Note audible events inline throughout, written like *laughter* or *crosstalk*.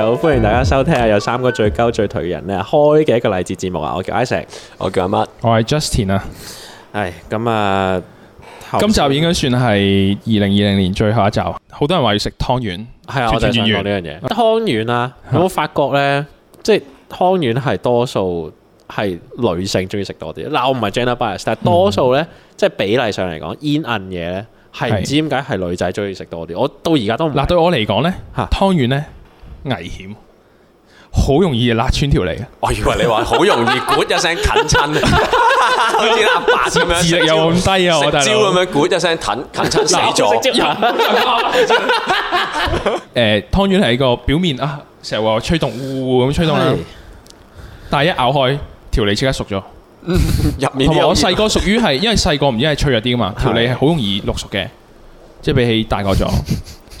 好，歡迎大家收聽啊！有三個最鳩最頹人咧，開嘅一個勵志節目啊！我叫 Ish，我叫阿乜，我係 Justin 啊。係咁啊，今集應該算係二零二零年最後一集。好多人話要食湯圓，係啊，我就想講呢樣嘢。湯圓啊，有冇、啊、發覺呢？即係湯圓係多數係女性中意食多啲。嗱，我唔係 Gender Bias，但係多數呢，嗯、即係比例上嚟講，煙韌嘢呢，係唔知點解係女仔中意食多啲。我到而家都唔。嗱、啊，對我嚟講呢，吓湯圓咧。危險，好容易辣穿條脷啊！我以為你話好容易聲，咕 *laughs* 一聲啃親好似阿爸咁樣，智力又咁低啊，我大佬。招咁樣咕一聲啃啃親死咗，識接人。誒，湯圓係個表面啊，成日話吹動呼呼咁吹動啦，是但係一咬開條脷即刻熟咗。入 *laughs* 面我細個屬於係，因為細個唔知係脆弱啲嘛，條脷係好容易淥熟嘅，是即係比起大個咗。 *laughs*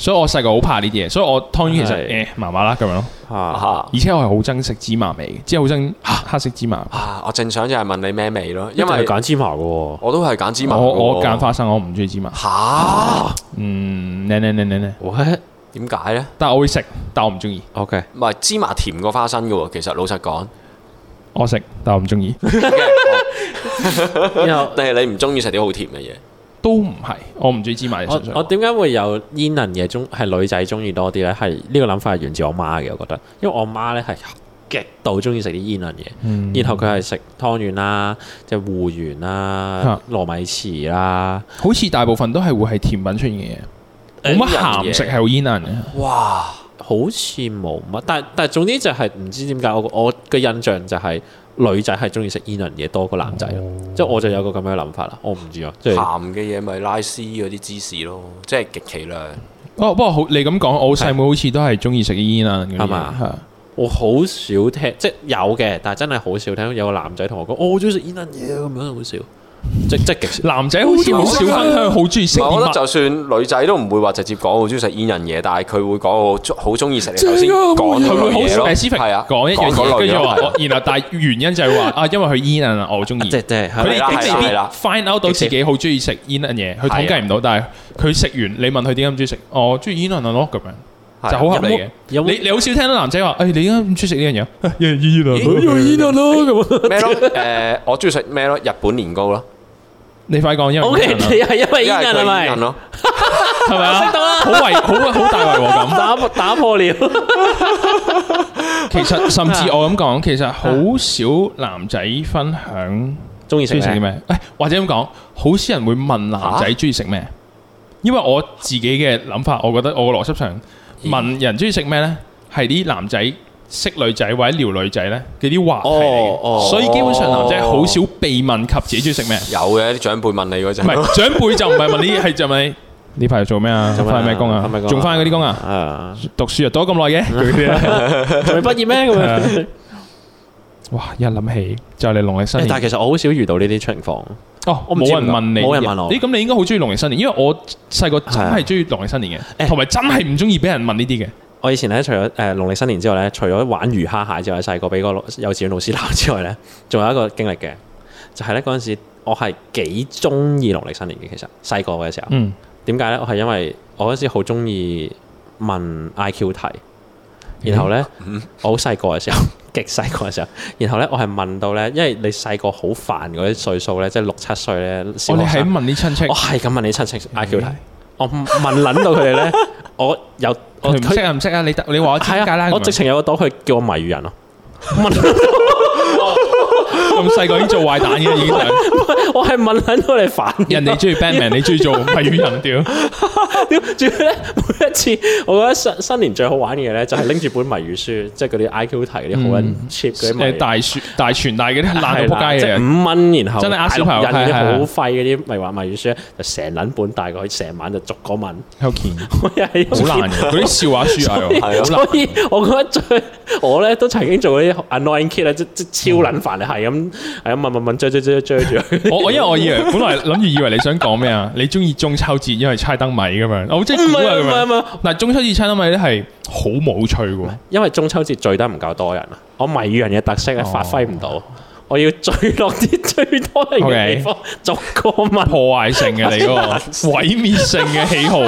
所以我細個好怕呢啲嘢，所以我湯圓其實誒的、呃、麻麻啦咁樣咯，吓、啊，而且我係好憎食芝麻味，即係好憎黑色芝麻。啊，我正想就係問你咩味咯，因為揀芝麻嘅，我都係揀芝麻。我我揀花生，我唔中意芝麻。吓、啊，嗯，你你你你你，我點解咧？呢呢呢但係我會食，但我唔中意。OK，唔係芝麻甜過花生嘅，其實老實講，我食但我唔中意。但係 Okay. *laughs* *laughs* 你唔中意食啲好甜嘅嘢。都唔係，我唔中意芝麻嘢，我點解粹會有煙韌嘢中係女仔中意多啲呢？係呢、呢個諗法係源自我媽嘅，我覺得，因為我媽呢係極度中意食啲煙韌嘢，嗯、然後佢係食湯圓啦、即係芋圓啦、啊、糯米糍啦。好似大部分都係會係甜品出現嘅嘢，冇乜鹹食係煙韌嘅。哇，好似冇乜，但係但係，總之就係唔知點解，我我個印象就係、是。女仔係中意食煙燻嘢多過男仔咯，即係我就有個咁樣諗法啦。我唔知啊，即係鹹嘅嘢咪拉 C 嗰啲芝士咯，即係極其量。不、哦、不過好你咁講，我細妹，妹好似都係中意食煙燻，係嘛吧？是我好少聽，即係有嘅，但係真係好少聽。有個男仔同我講，oh, 我中意食煙燻嘢咁樣，好少。即即男仔好似好少分享，好中意食。唔係，我覺得就算女仔都唔會話直接講好中意食煙人嘢，但係佢會講好中好中意食頭先。講一樣嘢，係講一樣嘢，跟住話，然後但係原因就係話啊，因為佢煙人啊，我中意。佢哋幾未必 find out 到自己好中意食煙人嘢，佢統計唔到。但係佢食完你問佢點解咁中意食，我中意煙人啊咯咁樣，就好合理嘅。你你好少聽到男仔話，你點解唔中意食呢樣嘢？因煙咯，煙人咯，咁啊咩咯？誒，我中意食咩咯？日本年糕咯。你快講，因為英人咯。係因為英人係咪？係咪啊？識得啊！好維，好好大維喎咁，打打破了。 *laughs* 其實甚至我咁講，其實好少男仔分享中意食啲咩。誒、哎，或者咁講，好少人會問男仔中意食咩。啊、因為我自己嘅諗法，我覺得我嘅邏輯上問人中意食咩咧，係啲男仔。識女仔或者撩女仔咧，嗰啲話題，所以基本上男仔好少被問及自己中意食咩。有嘅啲長輩問你嗰陣，唔係長輩就唔係問你係就咪呢排做咩啊？翻咩工啊？仲翻嗰啲工啊？讀書啊？讀咗咁耐嘅，仲未畢業咩？咁樣哇！一諗起就係農曆新年，但係其實我好少遇到呢啲情況。哦，我冇人問你，冇人問我。咦？咁你應該好中意農曆新年，因為我細個真係中意農曆新年嘅，同埋真係唔中意俾人問呢啲嘅。我以前咧，除咗誒、呃、農曆新年之外咧，除咗玩魚蝦蟹之外，細個俾個幼稚園老師鬧之外咧，仲有一個經歷嘅，就係咧嗰陣時我係幾中意農曆新年嘅。其實細個嘅時候，點解咧？我係因為我嗰時好中意問 I Q 題，然後咧，嗯、我好細個嘅時候，極細個嘅時候，然後咧，我係問到咧，因為你細個好煩嗰啲歲數咧，即係六七歲咧，我係咁問啲親戚，我係咁問啲親戚 I Q 題。嗯我問撚到佢哋咧， *laughs* 我有，我唔識啊唔識啊，你你話我知啊，我直情有個島，佢叫我謎語人咯。 *laughs* *laughs* 咁細個已經做壞蛋嘅，已經。我係問緊到你煩，人哋中意 Batman，你中意做謎語人屌屌？主要咧，每一次，我覺得新新年最好玩嘅嘢咧，就係拎住本謎語書，即係嗰啲 IQ 題嗰啲好 i cheap 嗰啲大書大全大嗰啲爛到仆街嘅，五蚊，然後真係呃小朋友印嘅好廢嗰啲謎畫謎語書，就成撚本大個，佢成晚就逐個問，好賤，好難嘅。嗰啲笑話書係，所以我覺得最我咧都曾經做嗰啲 annoying kid 即即超撚煩係咁。係啊，文文文追追追追住我。我因為我以為 *laughs* 本來諗住以為你想講咩啊？ *laughs* 你中意中秋節因為猜燈謎咁樣，我好即估啊。唔係唔係唔係，嗱，中秋節猜燈謎咧係好冇趣噶，因為中秋節聚得唔夠多人啊，我米樣嘅特色咧發揮唔到。哦我要追落啲最多嘅地方，逐個問破壞性嘅你個毀滅性嘅喜好，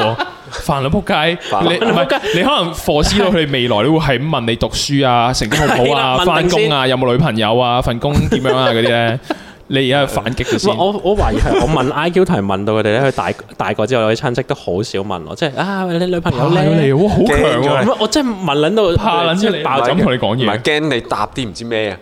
煩到仆街。你唔係你可能考死到佢哋未來你會係問你讀書啊，成績好唔好啊，翻工啊，有冇女朋友啊，份工點樣啊嗰啲咧？你而家去反擊佢先。我我懷疑係我問 IQ 題，問到佢哋咧，佢大大個之後，有啲親戚都好少問我，即係啊，你女朋友靚嚟喎，好強喎。我真係問捻到怕捻到爆枕，同你講嘢，驚你答啲唔知咩啊！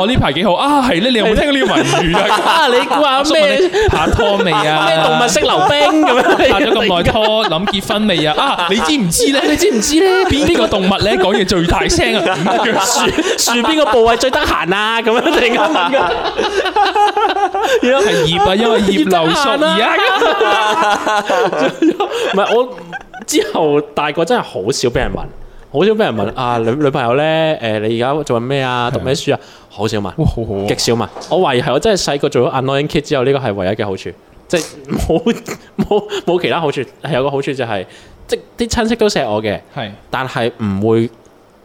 我呢排幾好啊，係咧，你有冇聽過文呢個謎語啊？你估下咩拍拖未啊？動物識溜冰咁樣拍咗咁耐拖，諗 *laughs* 結婚未啊？啊，你知唔知咧？你知唔知咧？邊邊個動物咧講嘢最大聲啊？樹邊 *laughs* *laughs* 個部位最得閒啊？咁樣你啱唔啱？係葉 *laughs* 啊，因為葉劉淑儀啊。唔 *laughs* 係 *laughs* 我之後大個真係好少俾人問。好少俾人問啊，女女朋友咧，誒你而家做緊咩啊？讀咩書啊？好少問，極少問。我懷疑係我真係細個做咗 annoying kid 之後，呢個係唯一嘅好處，即係冇冇冇其他好處。係有個好處就係，即啲親戚都錫我嘅，係，但係唔會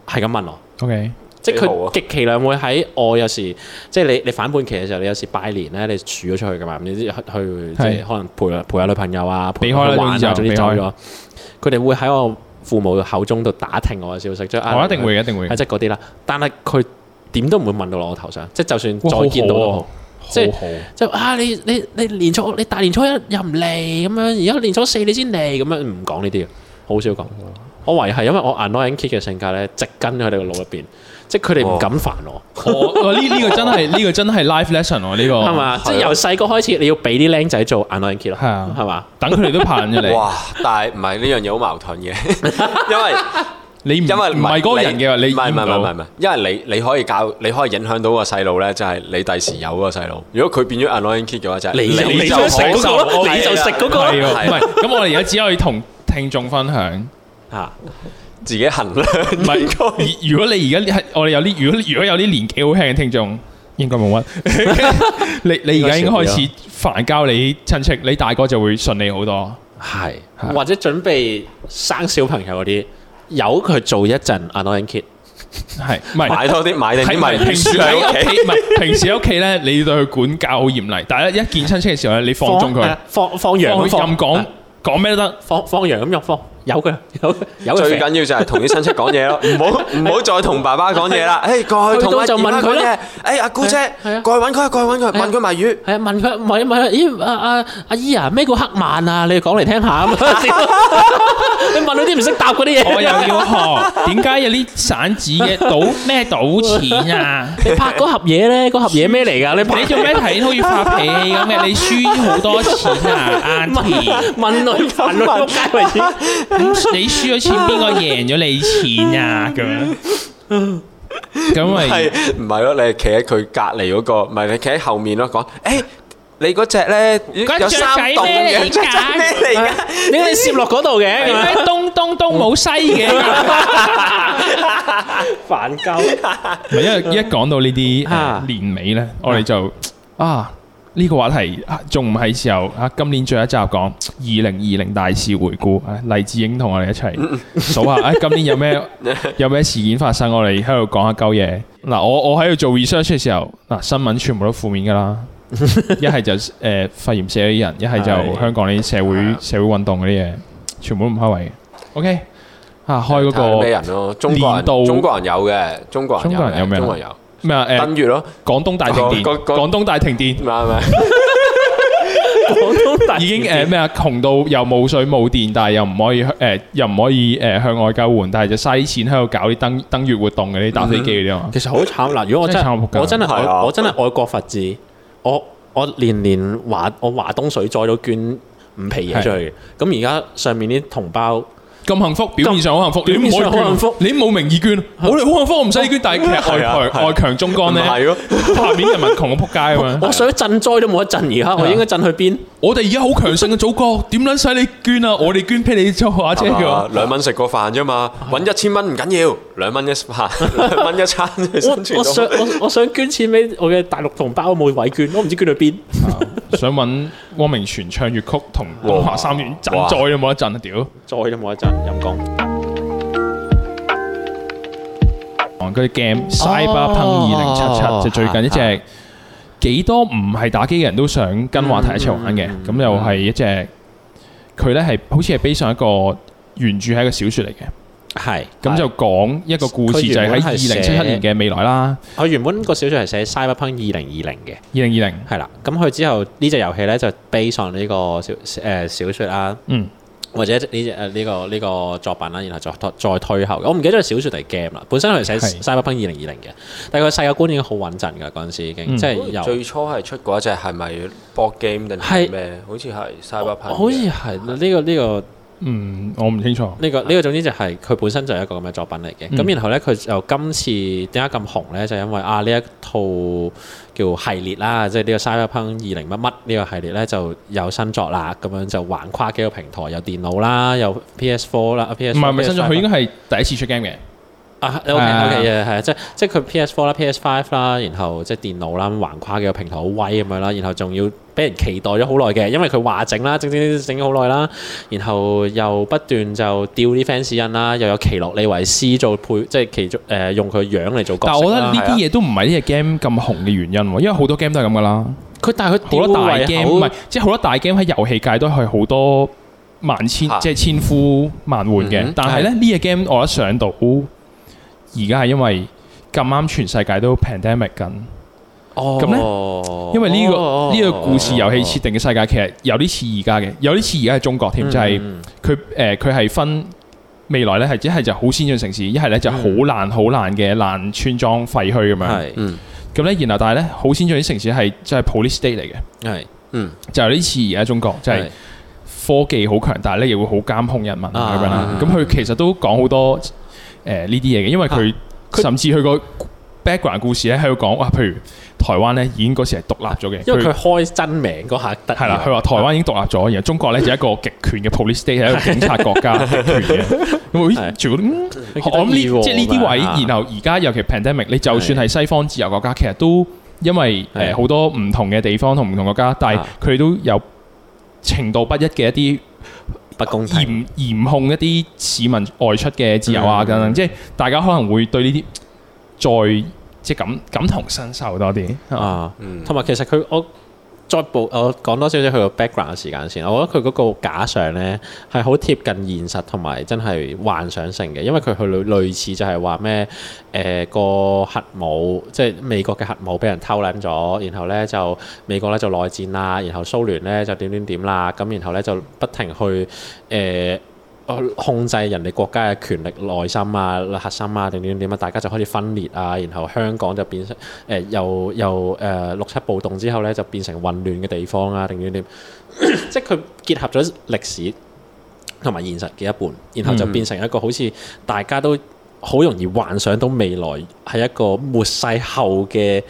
係咁問我。OK，即係佢極其量會喺我有時，即係你你反叛期嘅時候，你有時拜年咧，你儲咗出去噶嘛？咁你去即係可能陪陪下女朋友啊，避開啦，就避開咗。佢哋會喺我父母嘅口中度打聽我嘅消息，即、就、係、是哦、啊，我一定會一定會。即係嗰啲啦，就是、但係佢點都唔會問到落我頭上，即係就算再見到，都好。好好啊、即係好就啊，你你你年初你大年初一又唔嚟咁樣，而家年初四你先嚟咁樣，唔講呢啲好少、啊、講。我懷疑係因為我 online kid 嘅性格咧，直跟佢哋個腦入邊。嗯嗯。即係佢哋唔敢煩我，呢呢個真係呢個真係 life lesson 喎呢個，係嘛？即係由細個開始，你要俾啲靚仔做 anointer 咯，係啊，係嘛？等佢哋都怕咗你。哇！但係唔係呢樣嘢好矛盾嘅，因為你因為唔係嗰個人嘅話，你唔到，唔係唔係唔係，因為你你可以教，你可以影響到個細路咧，就係你第時有個細路，如果佢變咗 anointer 嘅話，就你就食嗰個，你就食嗰個，唔係。咁我哋而家只可以同聽眾分享吓。自己行啦，唔係。如果你而家係我哋有啲，如果如果有啲年紀好輕嘅聽眾，應該冇乜。你你而家應該開始煩交你親戚，你大哥就會順利好多。係或者準備生小朋友嗰啲，由佢做一陣。Annoying kid 係唔係買多啲買定埋，平時喺屋企唔係平時喺屋企咧，你要對佢管教好嚴厲。但係一見親戚嘅時候咧，你放縱佢，放放羊咁任講講咩都得，放放羊咁樣放。有嘅，有最緊要就係同啲親戚講嘢咯，唔好唔好再同爸爸講嘢啦。哎，過去同阿二媽講嘢。哎，阿姑姐，過去揾佢，過去揾佢，問佢賣魚。係啊，問佢，問啊問啊，咦，阿阿阿姨啊，咩叫黑漫啊？你講嚟聽下咁樣先。你問嗰啲唔識答嗰啲嘢。我又要學，點解有啲散紙嘅賭咩賭錢啊？你拍嗰盒嘢咧，嗰盒嘢咩嚟㗎？你做咩睇好似發脾氣咁嘅？你輸好多錢啊，阿姨。問女問女都介為止。你輸咗錢，邊個贏咗你錢啊？咁樣、就是，咁咪係唔係咯？你係企喺佢隔籬嗰個，唔係你企喺後面咯？講，誒、欸，你嗰隻咧有三棟嘅，咩嚟噶？你係攝落嗰度嘅，東東東冇西嘅，煩鳩。唔係因為一講到呢啲年尾咧，我哋就啊。啊呢個話題仲唔係時候啊？今年最後一集講二零二零大事回顧，黎智英同我哋一齊數下，誒、 *laughs* 哎，今年有咩有咩事件發生？我哋喺度講下鳩嘢。嗱、啊，我我喺度做 research 嘅時候，嗱、啊，新聞全部都負面噶啦，一係 *laughs* 就誒肺、呃、炎死咗啲人，一係就香港啲社會的社會運動嗰啲嘢，全部唔、okay? 啊、開胃。O K，吓開嗰個。睇人咯，中國人中國人有嘅，中國人中國人有咩？中國人有。咩啊？登月咯，廣東大停電，廣東大停電，咪咪，廣東已經誒咩啊？窮到又冇水冇電，但係又唔可以誒，又唔可以誒向外救援，但係就嘥錢喺度搞啲登登月活動嘅啲搭飛機嗰啲，其實好慘，嗱，如果我真係我真係我真係愛國佛治，我我年年華我華東水災都捐五皮嘢出去，咁而家上面啲同胞。咁幸福，表面上好幸福，幸福你唔可以捐，你冇名義捐，啊、我哋好幸福，我唔使捐，大、啊、劇外強、啊啊、外強中乾咧，是啊、 *laughs* 下面人民窮到撲街，我想賑災都冇得賑而家，我應該賑去邊？我哋而家好強盛嘅祖國，點撚使你捐啊？我哋捐俾你做話者嘅。兩蚊食個飯啫嘛，揾一千蚊唔緊要，兩蚊一包，兩蚊一餐。我我想我我想捐錢俾我嘅大陸同胞，冇位捐，我唔知捐到邊。想揾汪明荃唱粵曲，同東華三院賑災都冇得賑，屌！災都冇得賑，陰功。講嗰啲 game Cyberpunk 二零七七就最近一隻。幾多唔係打機嘅人都想跟話題、嗯、一齊玩嘅，咁、嗯、又係一隻佢呢係好似係 base 上一個原著係一個小說嚟嘅，係咁是就講一個故事，就喺二零七七年嘅未來啦。我原本，寫原本個小說係寫《Cyberpunk 二零二零》嘅，二零二零係啦。咁佢之後呢隻遊戲呢，這個、就 base 上呢個小誒、呃、小說啦、啊。嗯。或者呢誒呢個呢、這個作品啦，然後再再推後，我唔記得係小説定 game 啦。本身係寫《西 y b 二零二零》嘅，但係佢世界觀已經好穩陣㗎，嗰陣時已經即係由最初係出嗰一隻係咪博 game 定係咩？是是是好似係《西 y b 好似係啦，呢個呢個。這個嗯，我唔清楚。呢、這個呢、這個總之就係、是、佢本身就係一個咁嘅作品嚟嘅。咁、嗯、然後咧，佢就今次點解咁紅咧？就因為啊，呢一套叫系列啦，即係呢個《Cyberpunk 二零乜乜》呢個系列咧就有新作啦。咁樣就橫跨幾個平台，有電腦啦，有 PS Four 啦，PS。唔係唔係新作，佢應該係第一次出 game 嘅。o k、ah, OK，係、okay, 啊、yeah, yeah, yeah.，即係即係佢 PS Four 啦、PS Five 啦，然後即係電腦啦，橫跨嘅個平台好威咁樣啦，然後仲要俾人期待咗好耐嘅，因為佢話整啦，整整整整咗好耐啦，然後又不斷就吊啲 fans 癮啦，又有奇洛李維斯做配，即係其中誒、呃、用佢樣嚟做角色。角但我覺得呢啲嘢都唔係呢隻 game 咁紅嘅原因喎，因為好多 game 都係咁噶啦。佢但係佢好大 game 唔係，即係好多大 game 喺遊戲界都係好多萬千，啊、即係千呼萬喚嘅。嗯、但係咧呢隻 game 我一上到。而家係因為咁啱全世界都 pandemic 緊，咁咧、哦，因為呢、呢個呢、哦、個故事遊戲設定嘅世界其實有啲似而家嘅，有啲似而家嘅中國添，嗯、就係佢誒佢係分未來咧係一係就好先進城市，一係咧就好爛好爛嘅爛村莊廢墟咁樣。嗯，咁咧然後但係咧好先進啲城市係即係 police state 嚟嘅，係、就是、嗯就係有啲似而家中國即係、就是、科技好強大咧，亦會好監控人民咁咁佢其實都講好多、嗯。誒呢啲嘢嘅，因為佢甚至佢個 background 故事咧喺度講，哇，譬如台灣咧已經嗰時係獨立咗嘅，因為佢開真名嗰下係啦，佢話台灣已經獨立咗，然後中國咧就一個極權嘅 police state 係一個警察國家嘅權嘅，咁即係呢啲位，然後而家尤其 pandemic，你就算係西方自由國家，其實都因為誒好多唔同嘅地方同唔同國家，但係佢都有程度不一嘅一啲。嚴、啊、嚴控一啲市民外出嘅自由啊，等等，對對對，即係大家可能會對呢啲再即係感感同身受多啲啊，同埋好、嗯、其實佢我。再補我講多少少佢個 background 嘅時間先，我覺得佢嗰個假象咧係好貼近現實同埋真係幻想性嘅，因為佢佢類似就係話咩誒個核武，即係美國嘅核武俾人偷撚咗，然後咧就美國咧就內戰啦，然後蘇聯咧就點點點啦，咁然後咧就不停去誒。呃控制人哋國家嘅權力內心啊、核心啊，定點點啊，大家就開始分裂啊，然後香港就變成誒又又誒六七暴動之後咧，就變成混亂嘅地方啊，定點點， *laughs* 即係佢結合咗歷史同埋現實嘅一半，然後就變成一個、嗯、好似大家都好容易幻想到未來係一個末世後嘅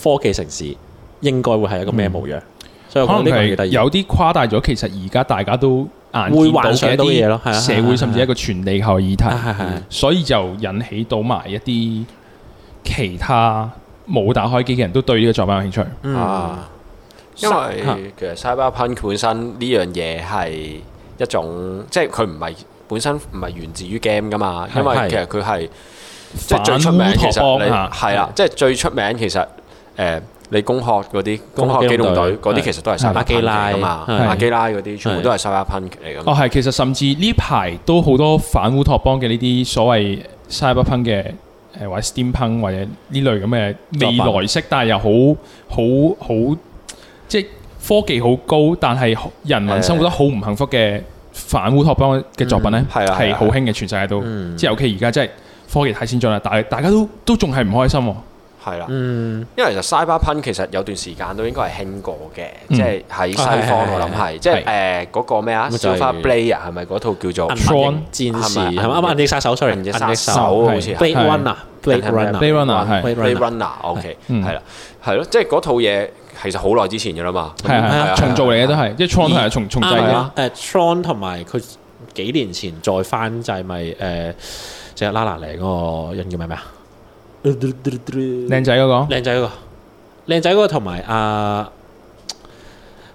科技城市，應該會係一個咩模樣？嗯、所以講呢個有啲誇大咗，其實而家大家都，會幻想一啲嘢咯，社會甚至一個全地球嘅議題，是是是是是所以就引起到埋一啲其他冇打開機嘅人都對呢個作品有興趣。嗯、啊，因為其實 Cyberpunk 本身呢樣嘢係一種，即係佢唔係本身唔係源自於 game 噶嘛，是是是因為其實佢係即係最出名。其實係啦，即係、啊就是、最出名其實誒。呃你攻殼嗰啲攻殼機動隊嗰啲其實都係 Cyberpunk 嘅嘛，馬基拉嗰啲是全部都係 Cyberpunk 嚟嘅。哦，係，其實甚至呢排都好多反烏托邦嘅呢啲所謂 Cyberpunk 嘅，誒、呃、或者 Steampunk 或者呢類咁嘅未來式，但係又好好好即係科技好高，但係人民生活得好唔幸福嘅反烏托邦嘅作品咧係好興嘅，全世界都即係尤其而家即係科技太先進啦，但係大家都都仲係唔開心、啊。係啦，因為其實 Cyberpunk 其實有段時間都應該係興過嘅，即係喺西方我諗係，即係誒嗰個咩啊？小花 blade 啊，係咪嗰套叫做《銀幕戰士》？係咪啊？銀幕殺手出嚟，sorry 殺手，好似係。Blade Runner，Blade Runner，Blade Runner，OK，係啦，係咯，即係嗰套嘢其實好耐之前㗎啦嘛，係啊，重做嚟嘅都係，即係創台係重重製啊。誒，Tron 同埋佢幾年前再翻製咪誒，即係拉拿嚟嗰個人叫咩名啊？靚仔嗰個，靚仔嗰個，靚仔嗰個同埋阿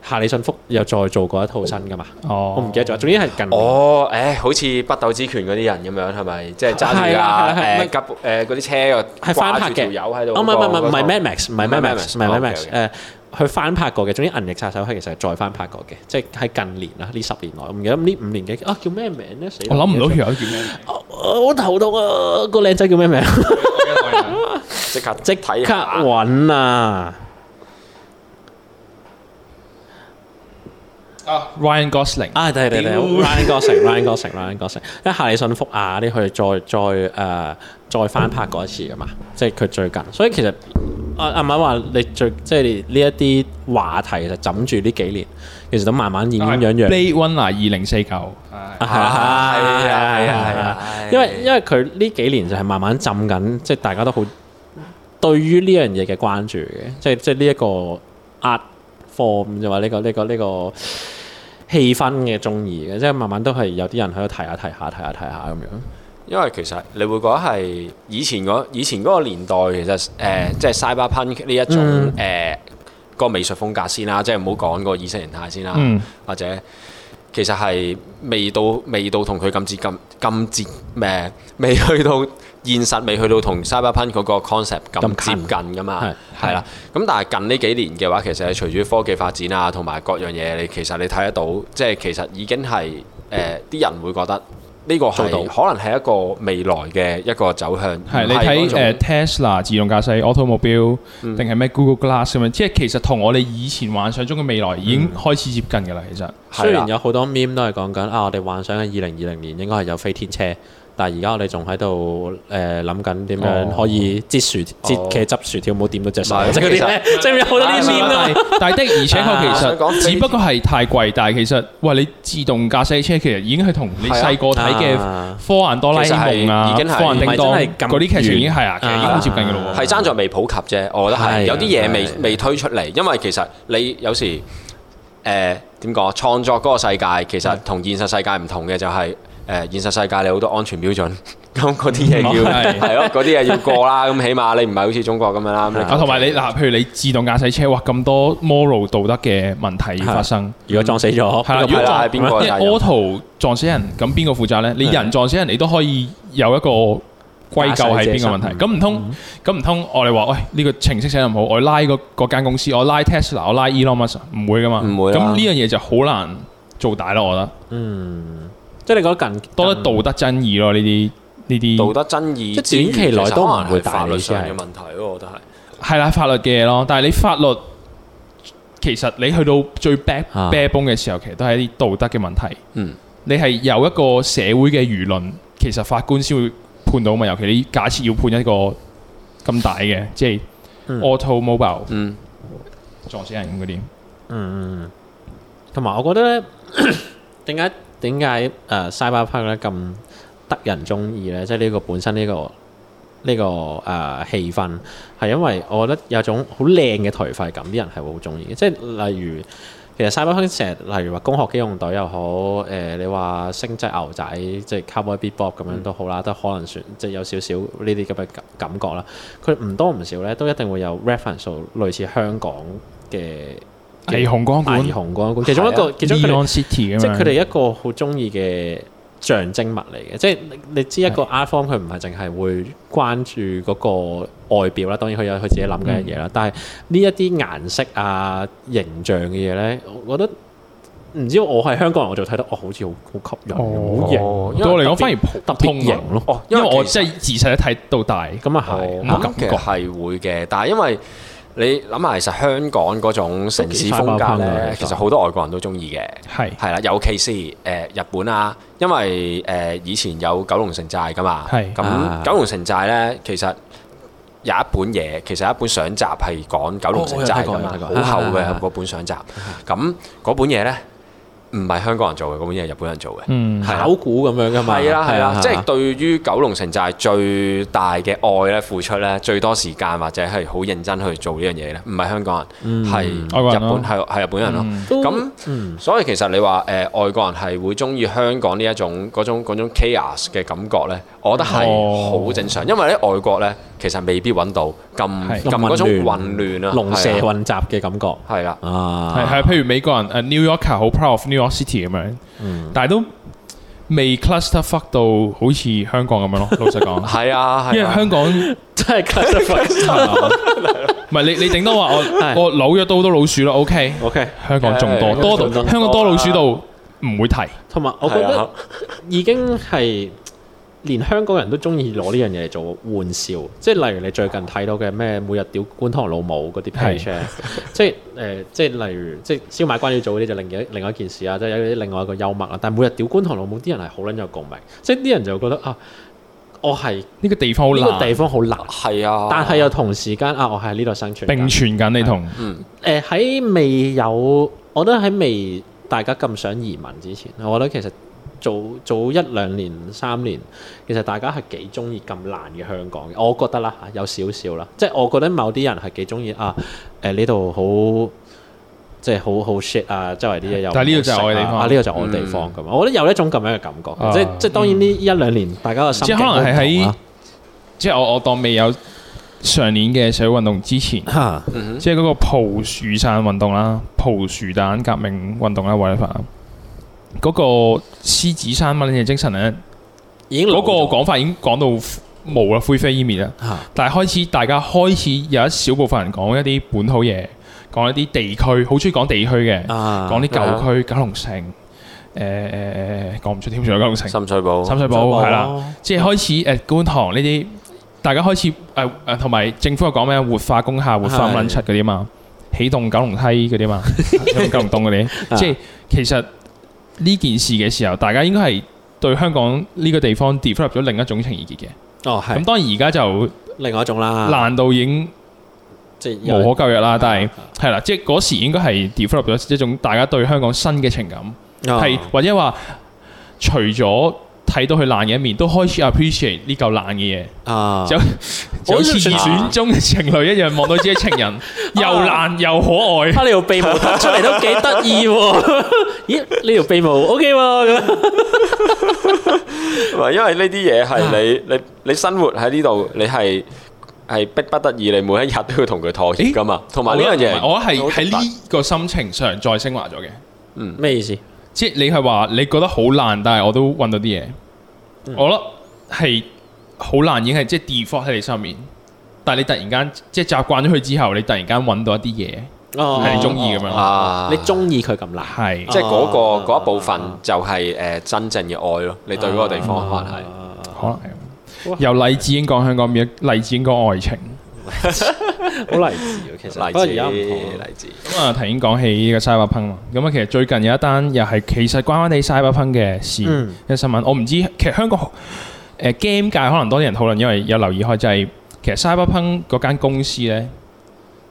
夏里信福又再做過一套新噶嘛？哦，我唔記得咗，總之係近排。哦，誒，好似北斗之拳嗰啲人咁樣，係咪即係揸住架誒嗰啲車，個係翻拍嘅油喺度。哦，唔係唔係唔係 Mad Max，唔係 Mad Max，唔係 Mad Max，誒。佢翻拍過嘅，總之《銀翼殺手》係其實係再翻拍過嘅，即係喺近年啦，呢十年內，唔記得呢五年幾，啊叫咩名咧？死！我諗唔到佢係叫咩名。我頭痛啊！個靚仔叫咩名？即刻即睇即刻揾啊！啊，Ryan Gosling 啊，對對對，Ryan Gosling，Ryan Gosling，Ryan Gosling，一下你信福亞你去再再誒。再翻拍嗰一次啊嘛，即係佢最近，所以其實阿阿敏話你最即係呢一啲話題就枕住呢幾年，其實都慢慢醖釀釀。Blade Runner 二零四九，係 *noise* 啊係 *noise* 啊係啊,啊,啊,啊因，因為因為佢呢幾年就係慢慢浸緊，即、就、係、是、大家都好對於呢樣嘢嘅關注嘅，即係即係呢一個 art form 咁就話呢個呢、這個呢、這個這個氣氛嘅中意嘅，即、就、係、是、慢慢都係有啲人喺度提下提下提下提下咁樣。因為其實你會覺得係以前嗰以前嗰個年代，其實誒、呃、即係 Cyberpunk 呢一種誒個、呃、美術風格先啦，即係唔好講個意識形態先啦，嗯、或者其實係未到未到同佢咁接近咁接，未去到現實，未去到同 Cyberpunk 嗰個 concept 咁接近㗎嘛？係啦。咁但係近呢幾年嘅話，其實係隨住科技發展啊，同埋各樣嘢，你其實你睇得到，即係其實已經係誒啲人會覺得。呢個係是可能係一個未來嘅一個走向。係是你睇、呃、Tesla 自動駕駛、Auto 目標，定係咩 Google Glass 咁樣？即係其實同我哋以前幻想中嘅未來已經開始接近嘅啦。嗯、其實是雖然有好多 Meme 都係講緊啊，我哋幻想喺二零二零年應該係有飛天車。但係而家我哋仲喺度誒諗緊點樣可以唧薯唧茄汁薯條，唔好掂到隻手，即係有好多啲黏。但係的而且確其實只不過係太貴，但係其實喂，你自動駕駛車其實已經係同你細個睇嘅《科幻多啦 A 夢》啊，《科幻叮當》嗰啲劇已經係啊，其實已經接近噶咯喎，係爭在未普及啫。我覺得係有啲嘢未未推出嚟，因為其實你有時誒點講創作嗰個世界其實同現實世界唔同嘅就係。誒，現實世界你好多安全標準，咁嗰啲嘢要係咯，啲嘢要過啦。咁起碼你唔係好似中國咁樣啦。同埋你嗱，譬如你自動駕駛車，哇，咁多 moral 道德嘅問題要發生，如果撞死咗，係啦，如果撞係邊個？auto 撞死人，咁邊個負責咧？你人撞死人，你都可以有一個歸咎係邊個問題。咁唔通，咁唔通我哋話喂，呢個程式寫得唔好，我拉個嗰間公司，我拉 Tesla，我拉 Elon Musk，唔會噶嘛？唔會。咁呢樣嘢就好難做大咯，我覺得。嗯。即係你覺得近多啲道德爭議咯？呢啲呢啲道德爭議，即短期內都唔會大嘅，即係問題咯。係，係我覺得係，係啦，法律嘅嘢咯。但係你法律其實你去到最 b a c b a c 嘅時候，其實都係一啲道德嘅問題。嗯、啊，你係由一個社會嘅輿論，其實法官先會判到嘛。尤其你假設要判一個咁大嘅，即係 auto mobile，撞死，嗯、人咁嗰啲。嗯嗯，同埋我覺得呢，點解？咳咳點解誒西巴朋咧咁得人中意咧？即係呢個本身呢、這個呢、這個誒氣、呃、氛，係因為我覺得有種好靚嘅頹廢感，啲人係會好中意嘅。即係例如，其實 Cyberpunk 成日，例如話工學機用隊又好，誒、呃、你話星際牛仔，即係 Cowboy Bebop 咁樣都好啦，嗯、都可能算即係有少少呢啲咁嘅感覺啦。佢唔多唔少咧，都一定會有 reference 類似香港嘅。霓虹光管，霓虹光管，其中一個，其中佢，即係佢哋一個好中意嘅象徵物嚟嘅，即係你知一個 art form 佢唔係淨係會關注嗰個外表啦。當然佢有佢自己諗緊嘢啦。但係呢一啲顏色啊、形象嘅嘢咧，我覺得唔知我係香港人，我就睇得哦，好似好好吸引，好型。對我嚟講，反而特別型咯。因為我即係自細睇到大，咁啊係，冇感覺係會嘅。但係因為你諗下，其實香港嗰種城市風格咧，其，其實好多外國人都中意嘅。係係啦，尤其是誒、呃、日本啊，因為誒、呃、以前有九龍城寨㗎嘛。咁九龍城寨咧，其實有一本嘢，其實有一本相集係講九龍城寨嘅，好、哦、厚嘅嗰、啊、本相集。咁嗰本嘢咧。唔係香港人做嘅，咁樣係日本人做嘅，嗯啊、考古咁樣噶嘛。係啊係啊，啊啊即係對於九龍城寨最大嘅愛咧、付出咧、最多時間或者係好認真去做呢樣嘢咧，唔係香港人，係、嗯、日本，係係、啊、日本人咯。咁所以其實你話誒、呃、外國人係會中意香港呢一種嗰種嗰種 chaos 嘅感覺咧，我覺得係好正常，哦、因為咧，外國咧。其實未必揾到咁咁嗰種混亂啊，龍蛇混雜嘅感覺。係啊，係係，譬如美國人誒 New Yorker 好 proud of New York City 咁樣，但係都未 clusterfuck 到好似香港咁樣咯。老實講，係啊，因為香港真係 clusterfuck。唔係你，你頂多話我我撈咗到都老鼠咯。OK OK，香港仲多多到香港多老鼠到唔會提。同埋我覺得已經係。連香港人都中意攞呢樣嘢嚟做玩笑，即係例如你最近睇到嘅咩每日屌觀塘老母嗰啲 page，即係誒、呃，即係例如即係燒賣關要做嗰啲就另一另外一件事啊，即係有另外一個幽默啊。但係每日屌觀塘老母啲人係好撚有共鳴，即係啲人就覺得啊，我係呢個地方好難，地方好難，係啊。但係又同時間啊，我喺呢度生存並存緊，你同嗎嗯喺、呃、未有，我覺得喺未大家咁想移民之前，我覺得其實。做早，早一兩年三年，其實大家係幾中意咁難嘅香港嘅，我覺得啦嚇有少少啦，即係我覺得某啲人係幾中意啊誒，呢度好即係好好 shit 啊周圍啲嘢有、啊。但係呢度就係我嘅地方，呢個就係我嘅地方咁啊，我覺得有一種咁樣嘅感覺，啊嗯、即即當然呢一兩、嗯、年大家嘅心即可能係喺、嗯、即係我我當未有上年嘅社會運動之前嚇，即係嗰個蒲樹散運動啦、蒲樹蛋革命運動啦、whatever。嗰個獅子山乜嘢精神咧，已經嗰個講法已經講到冇啦，灰飛煙滅啦。但係開始，大家開始有一小部分人講一啲本土嘢，講一啲地區，好中意講地區嘅，講啲舊區、九龍城。誒誒誒，講唔出添，仲有九龍城、深水埗、深水埗，係啦。即係開始誒觀塘呢啲，大家開始誒誒，同埋政府又講咩活化工廈、活化乜撚出嗰啲嘛，起動九龍梯嗰啲嘛，九龍東嗰啲，即係其實。呢件事嘅時候，大家應該係對香港呢個地方 develop 咗另一種情意結嘅。哦，係。咁、嗯、當然而家就另外一種啦，難度已經即係無可救藥啦。的但係係啦，即係嗰時應該係 develop 咗一種大家對香港新嘅情感，係、哦、或者話除咗。睇到佢爛嘅一面，都開始 appreciate 呢嚿爛嘅嘢，就好似選中嘅情侶一樣，望到自己情人又爛又可愛。佢呢條鼻毛突出嚟都幾得意，咦？呢條鼻毛 OK 喎，因為呢啲嘢係你你你生活喺呢度，你係係逼不得已，你每一日都要同佢妥協噶嘛。同埋呢樣嘢，我係喺呢個心情上再升華咗嘅。嗯，咩意思？即係你係話你覺得好難，但係我都揾到啲嘢。嗯、我諗係好難已經係即係 default 喺你上面，但係你突然間即係習慣咗佢之後，你突然間揾到一啲嘢係你中意咁樣，你中意佢咁難，係即係嗰、那個嗰一部分就係誒真正嘅愛咯。啊、你對嗰個地方可能係，可能係由黎智英講香港片，黎智英講愛情。好例子喎，其實例子啊，唔同例子。咁啊，頭先講起呢個《Cyberpunk》咁啊，其實最近有一單又係其實關關地《Cyberpunk》嘅事嘅新聞。我唔知其實香港誒 game 界可能多啲人討論，因為有留意開，就係其實《Cyberpunk》嗰間公司呢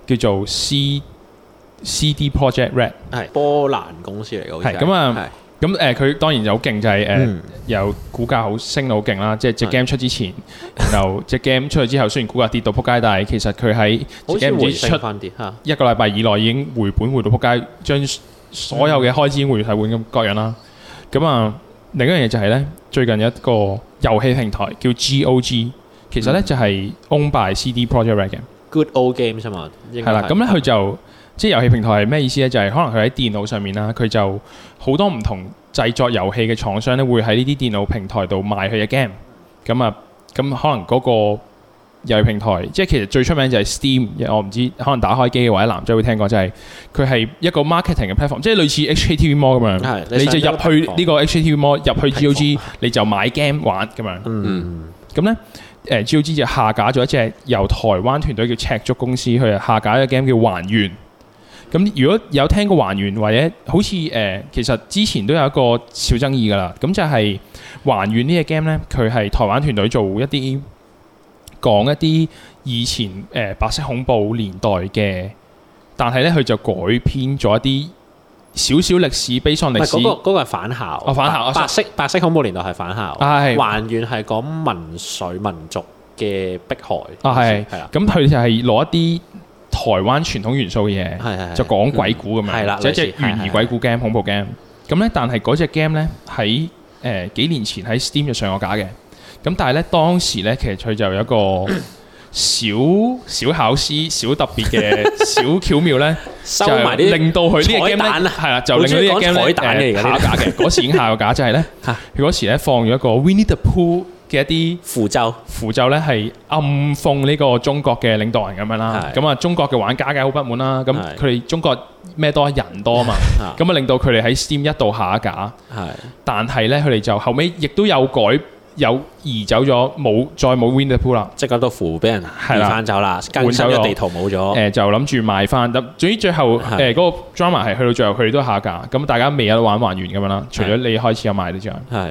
叫做 CD Projekt Red，係波蘭公司嚟嘅，好似係咁啊。咁誒，佢當然就好勁，就係誒，由股價好升到好勁啦。即係隻 game 出之前，然後隻 game 出嚟之後，雖然股價跌到仆街，但係其實佢喺好似回升翻啲嚇。一個禮拜以內已經回本回到仆街，將所有嘅開支回曬本咁各樣啦。咁啊，另一樣嘢就係咧，最近有一個遊戲平台叫 GOG，其實咧就係 Owned by CD Projekt。Good old games 啊嘛，應該係。係啦，咁咧佢就。即係遊戲平台係咩意思咧？就係、是、可能佢喺電腦上面啦，佢就好多唔同製作遊戲嘅廠商咧，會喺呢啲電腦平台度賣佢嘅 game。咁啊，咁可能嗰個遊戲平台，即係其實最出名就係 Steam。我唔知可能打開機或者男仔會聽過、就是，就係佢係一個 marketing 嘅 platform，即係類似 HKTV Mall 咁樣。你，你就入去呢個 HKTV Mall，入去 GOG，你就買 game 玩咁樣。咁咧、嗯，誒、嗯、GOG 就下架咗一隻由台灣團隊叫赤燭公司去下架嘅 game 叫還原。咁如果有聽過還原或者好似誒，其實之前都有一個小爭議噶啦。咁就係、是、還原個呢個 game 呢佢係台灣團隊做一啲講一啲以前誒白色恐怖年代嘅，但係呢，佢就改編咗一啲少少歷史悲傷歷史。嗰、那個嗰、那個係返校，哦返校，白色白色恐怖年代係返校，係、啊、還原係講民粹民族嘅迫害。啊係，係啦。咁佢對就係攞一啲台灣傳統元素嘅嘢，係係係就講鬼故咁樣，嗯、即係一隻懸疑鬼故 game，係係係恐怖 game。咁咧是，但係嗰隻 game 咧喺誒幾年前喺 Steam 上過架嘅。咁但係咧當時咧，其實佢就有一個小小巧思，小特別嘅，小巧妙咧，就令到佢呢，啊、個 game 咧係就令到呢個 game 咧下架嘅。嗰 *laughs* 時已經下過架，就係咧嚇。嗰時咧放咗一個 We Need A Pool。嘅一啲符咒，符咒咧係暗諷呢個中國嘅領導人咁樣啦。咁啊，中國嘅玩家梗係好不滿啦。咁佢哋中國咩多？人多啊嘛。咁啊，令到佢哋喺 Steam 一度下架。係，但係咧，佢哋就後尾亦都有改，有移走咗，冇再冇 Winnie Pooh 啦。即刻都符俾人移翻走啦，換咗個地圖冇咗。誒，就諗住賣翻。咁總之最後誒嗰個 Drama 係去到最後佢哋都下架。咁大家未有玩還願咁樣啦。除咗你開始有賣呢張。係。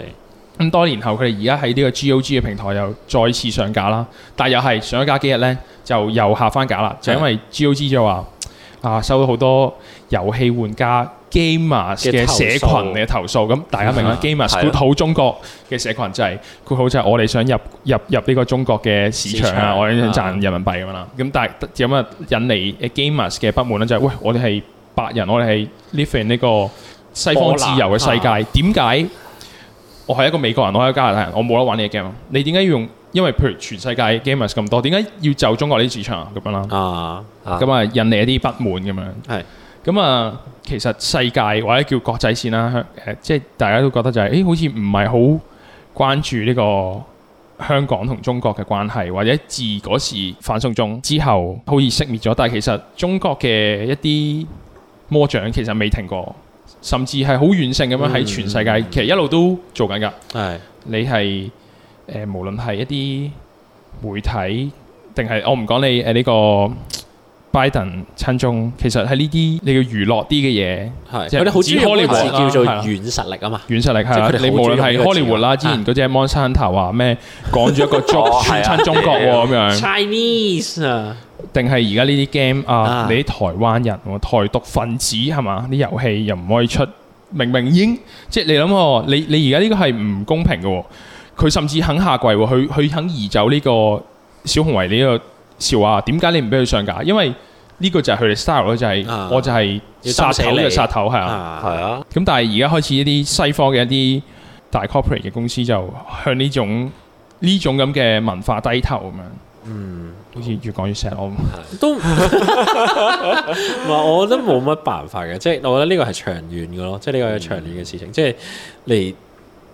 咁多年後，佢哋而家喺呢個 GOG 嘅平台又再次上架啦，但又係上咗架幾日呢，就又下翻架啦，就因為 GOG 就話啊收到好多遊戲玩家 gamers 嘅社羣嘅投訴，咁大家明啦。啊、gamers 括號中國嘅社群就係括號就係我哋想入入入呢個中國嘅市場啊，場我哋想賺人民幣咁啦。咁、啊啊、但係咁啊引嚟 gamers 嘅不滿呢、就是，就係喂我哋係白人，我哋係 live in 呢個西方自由嘅世界，點解？啊我係一個美國人，我係一個加拿大人，我冇得玩呢個 game。你點解要用？因為譬如全世界 gamers 咁多，點解要就中國呢啲市場啊？咁樣啦。啊，咁啊，引嚟一啲不滿咁樣。係。咁啊，其實世界或者叫國際線啦，即係大家都覺得就係，誒，好似唔係好關注呢個香港同中國嘅關係，或者自嗰時反送中之後，好似熄滅咗。但係其實中國嘅一啲魔掌其實未停過。甚至係好遠性咁樣喺全世界，嗯、其實一路都做緊㗎。係是你係誒、呃，無論係一啲媒體定係我唔講你誒呢、呃這個。Biden 親中，其實係呢啲你叫娛樂啲嘅嘢，係即係嗰啲好似 Hollywood 叫做軟實力啊嘛，軟實力係即係你無論係 Hollywood 啦，之前嗰隻 Monsta 話咩講咗個 job 親中國咁樣。Chinese 定係而家呢啲 game 啊？你啲台灣人喎，台獨分子係嘛？啲遊戲又唔可以出，明明已經即係你諗哦，你你而家呢個係唔公平嘅喎，佢甚至肯下跪喎，佢佢肯移走呢個小紅圍呢個。笑話，點解你唔俾佢上架？因為呢個就係佢哋 style 咯，就係、是、我就係殺頭嘅殺頭，係啊，係啊。咁、啊、但係而家開始一啲西方嘅一啲大 corporate 嘅公司就向呢種呢種咁嘅文化低頭咁樣。嗯，好似越講越錫我。嗯、都唔係，我覺得冇乜辦法嘅，即係我覺得呢、就是、個係長遠嘅咯，即係呢個係長遠嘅事情，即係嚟。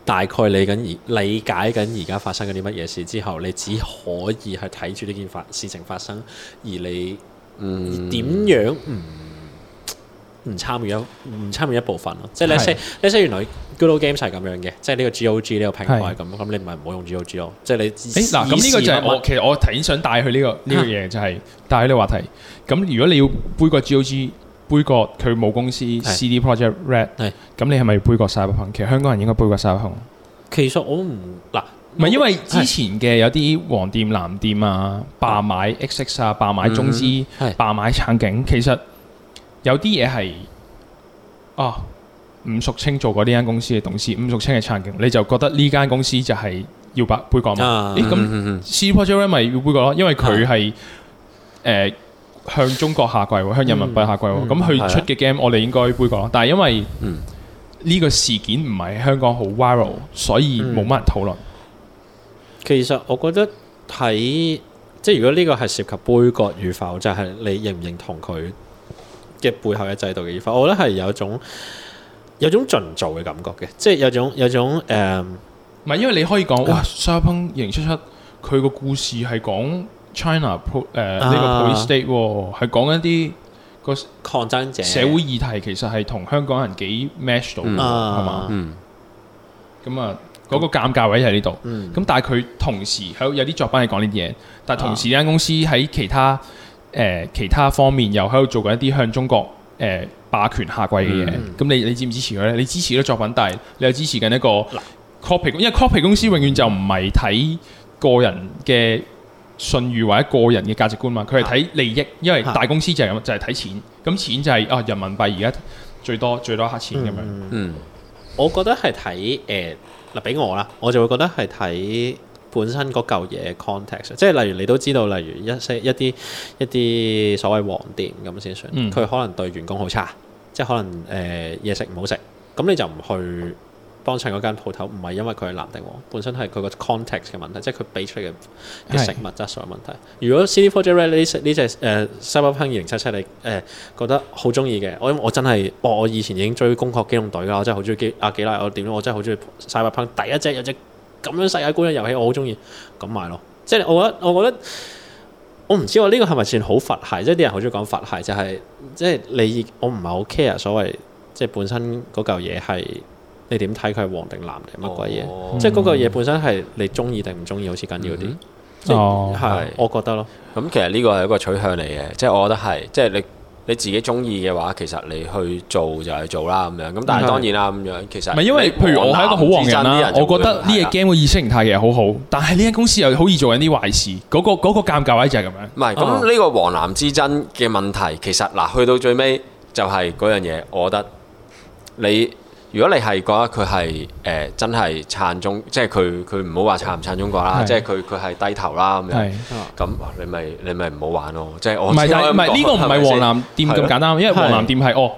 大概理緊而理解緊而家發生嗰啲乜嘢事之後，你只可以係睇住呢件發事情發生，而你點樣唔唔參與一唔參與一部分咯？即係你 say 你 say 原來 Google Games 係咁樣嘅，即係呢個 GOG 呢個平台咁，咁是的 你咪唔好用 GOG 咯。即係你，哎嗱，咁呢個就係我其實我睇想帶去呢、這個呢、啊、個嘢就係帶去呢個話題。咁如果你要杯葛 GOG，杯葛佢冇公司是 CD Projekt Red，咁是你係咪杯葛晒？溢雄？其實香港人應該杯葛晒。溢雄。其實我唔嗱，唔係因為之前嘅有啲黃店、藍店啊，罷買 XX 啊，罷買中資，嗯、罷買撐警，其實有啲嘢係，啊，吳淑清做過呢間公司嘅董事，吳淑清嘅撐警，你就覺得呢間公司就係要杯杯葛嘛？咁 CD Projekt Red 咪要杯葛咯，因為佢係誒。是呃嗯向中國下跪，向人民幣下跪，咁佢、嗯嗯、出嘅 game，我哋應該杯葛。嗯、但係因為呢個事件唔係香港好 viral，所以冇乜人討論、嗯。其實我覺得喺即係如果呢個係涉及杯葛與否，就係、是、你認唔認同佢嘅背後嘅制度嘅與否。我覺得係有種有種盡做嘅感覺嘅，即係有種有種誒，唔係、呃、因為你可以講哇，沙烹贏出出，佢個故事係講。China 呢、uh, 個 police state 係講緊啲個抗爭者社會議題，其實係同香港人幾 match 到嘅，係嘛？咁啊，嗰個尷尬位喺呢度。咁、嗯、但係佢同時喺有啲作品係講呢啲嘢，嗯、但係同時呢間公司喺其他誒、呃、其他方面又喺度做緊一啲向中國誒、呃、霸權下跪嘅嘢。咁、嗯、你你支唔支持佢咧？你支持啲作品，但係你又支持緊一個 copy，因為 copy 公司永遠就唔係睇個人嘅。信譽或者個人嘅價值觀嘛，佢係睇利益，因為大公司就係咁，就係、是、睇錢。咁錢就係啊，人民幣而家最多最多黑錢咁樣，嗯。嗯，我覺得係睇，誒嗱，俾、呃、我啦，我就會覺得係睇本身嗰嚿嘢 context，即係例如你都知道，例如一些一啲一啲所謂黃店咁先算，佢、嗯、可能對員工好差，即係可能誒嘢、呃、食唔好食，咁你就唔去。幫襯嗰間鋪頭唔係因為佢係藍定黃，本身係佢個 context 嘅問題，即係佢俾出嚟嘅嘅食物質素嘅問題。的如果 CD Projekt Red 呢隻誒《Cyberpunk 二零七七》77，你，你、呃、誒覺得好中意嘅，我因為我真係、哦，我以前已經追《攻殼機動隊》啦，我真係好中意《阿、啊、基拉》我。我點咧？我真係好中意《Cyberpunk》第一隻有隻咁樣世界觀嘅遊戲，我好中意咁買咯。即係我覺得我覺得我唔知話呢個係咪算好佛系，即係啲人好中意講佛系，就係、是、即係你我唔係好 care 所謂即係本身嗰嚿嘢係。你點睇佢係黃定藍定乜鬼嘢？即係嗰個嘢本身係你中意定唔中意，好似緊要啲。即係，我覺得咯。咁其實呢個係一個取向嚟嘅，即係我覺得係，即係你你自己中意嘅話，其實你去做就去做啦咁樣。咁但係當然啦，咁樣其實唔係因為，譬如我係一個好黃人我覺得呢個 game 嘅意識形態其實好好，但係呢間公司又好易做緊啲壞事。嗰個嗰個尷尬位就係咁樣。唔係咁呢個黃藍之爭嘅問題，其實嗱去到最尾就係嗰樣嘢，我覺得你。如果你係覺得佢係誒真係撐中，即係佢佢唔好話撐唔撐中國啦，即係佢佢係低頭啦咁樣，咁你咪你咪唔好玩咯，即係我唔係，唔係呢個唔係黃藍店咁簡單，因為黃藍店係哦，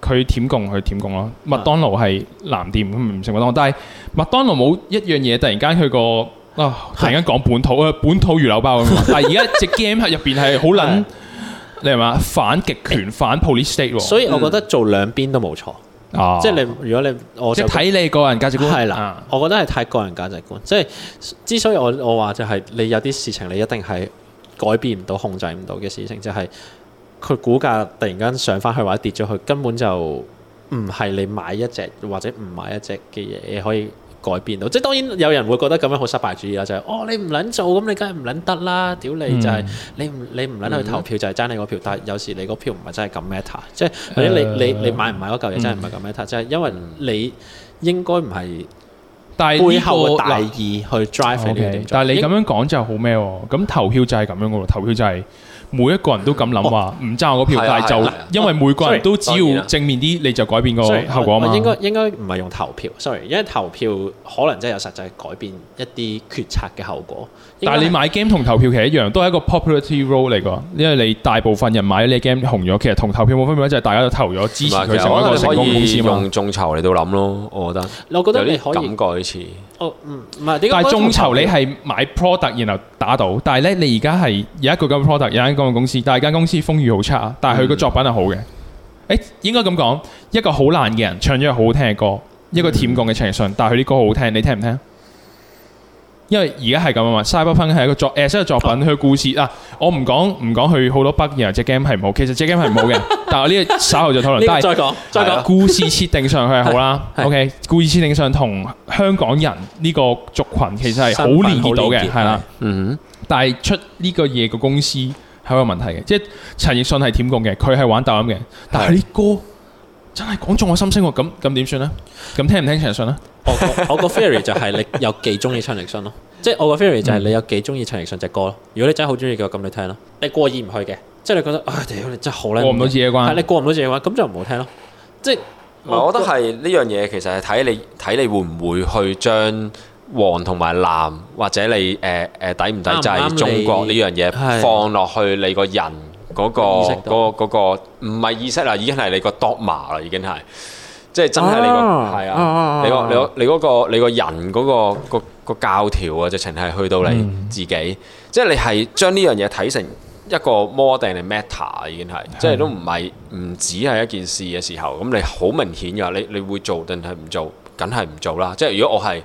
佢舔共佢舔共咯，麥當勞係藍店唔食麥當，但係麥當勞冇一樣嘢突然間去個啊突然間講本土啊本土魚柳包咁嘛，但係而家隻 game 喺入邊係好撚，你係嘛反極權反 police state，所以我覺得做兩邊都冇錯。嗯、即係你，如果你我即係睇你個人價值觀，係啦的，嗯、我覺得係太個人價值觀。即係之所以我我話就係，你有啲事情你一定係改變唔到、控制唔到嘅事情，就係、是、佢股價突然間上返去或者跌咗去，根本就唔係你買一隻或者唔買一隻嘅嘢可以。改變到，即係當然有人會覺得咁樣好失敗主義啦，就係、是、哦，你唔撚做，咁你梗係唔撚得啦，屌、嗯、你！就係你唔你唔撚去投票，就係爭你個票，嗯、但有時你個票唔係真係咁 meta，即係或者你、嗯、你你，你買唔買嗰嚿嘢真係唔係咁 meta，即係因為你應該唔係。但係、這個、背後嘅大意去 drive 佢點 Okay？但係你咁樣講就好咩？咁投票就係咁樣噶喎，投票就係每一個人都咁諗話唔贊我個票，但係就因為每個人都只要正面啲，你就改變個效果嘛。哦、應該應該唔係用投票，sorry，因為投票可能真係有實際改變一啲決策嘅後果。但係你買 game 同投票其實一樣都係一個 popularity role 嚟㗎，因為你大部分人買呢個 game 紅咗，其實同投票冇分別，就係大家都投咗支持佢，成為一個成功嘛可，你可以用眾籌嚟到諗咯。我覺得，我覺得有啲感哦，唔、嗯、但係眾籌你係買 product 然後打到，嗯、但係呢，你而家係有一個咁 product，有一間公司，但係間公司風雨好差，但係佢個作品係好嘅。誒、嗯欸，應該咁講，一個好爛嘅人唱咗一首好好聽嘅歌，一個舔共嘅陳奕迅，嗯、但係佢啲歌好聽，你聽唔聽？因為而家係咁啊嘛，Cyberpunk 係一個作，誒，真係作品佢故事嗱，我唔講唔講佢好多 background，隻 game 係唔好，其實隻 game 係唔好嘅。但係我呢個稍後就討論。再講，再講。故事設定上佢係好啦，OK。故事設定上同香港人呢個族群其實係好連結到嘅，係啦。嗯，但係出呢個嘢嘅公司係有問題嘅，即係陳奕迅係舔共嘅，佢係玩抖音嘅，但係啲歌真係講中我心聲喎，咁咁點算咧？咁聽唔聽陳奕迅咧？ *laughs* *laughs* 我我個 theory 就係你有幾中意陳奕迅咯，即係我個 theory 就係你有幾中意陳奕迅隻歌咯。如果你真係好中意嘅，咁你聽咯。你過意唔去嘅，即係你覺得啊，屌、哎、你真係好咧，過唔到自己嘅關係。你過唔到自己嘅關，咁就唔好聽咯。即係，我，我覺得係呢樣嘢，其實係睇你睇你會唔會去將黃同埋藍或者你誒誒抵唔抵就係中國呢樣嘢放落去你個人嗰個嗰個嗰個，唔係意識啦，已經係你個 dogma 啦，已經係。即係真係你個係啊，的啊你，啊你，你、嗰個你個你嗰個你個人嗰、嗰個嗰個嗰個教條啊，直情係去到你自己。嗯、即係你係將呢樣嘢睇成一個 model 定係 meta 已經係、嗯、即係都唔係唔止係一件事嘅時候。咁你好明顯㗎，你你會做定係唔做，梗係唔做啦。即係如果我係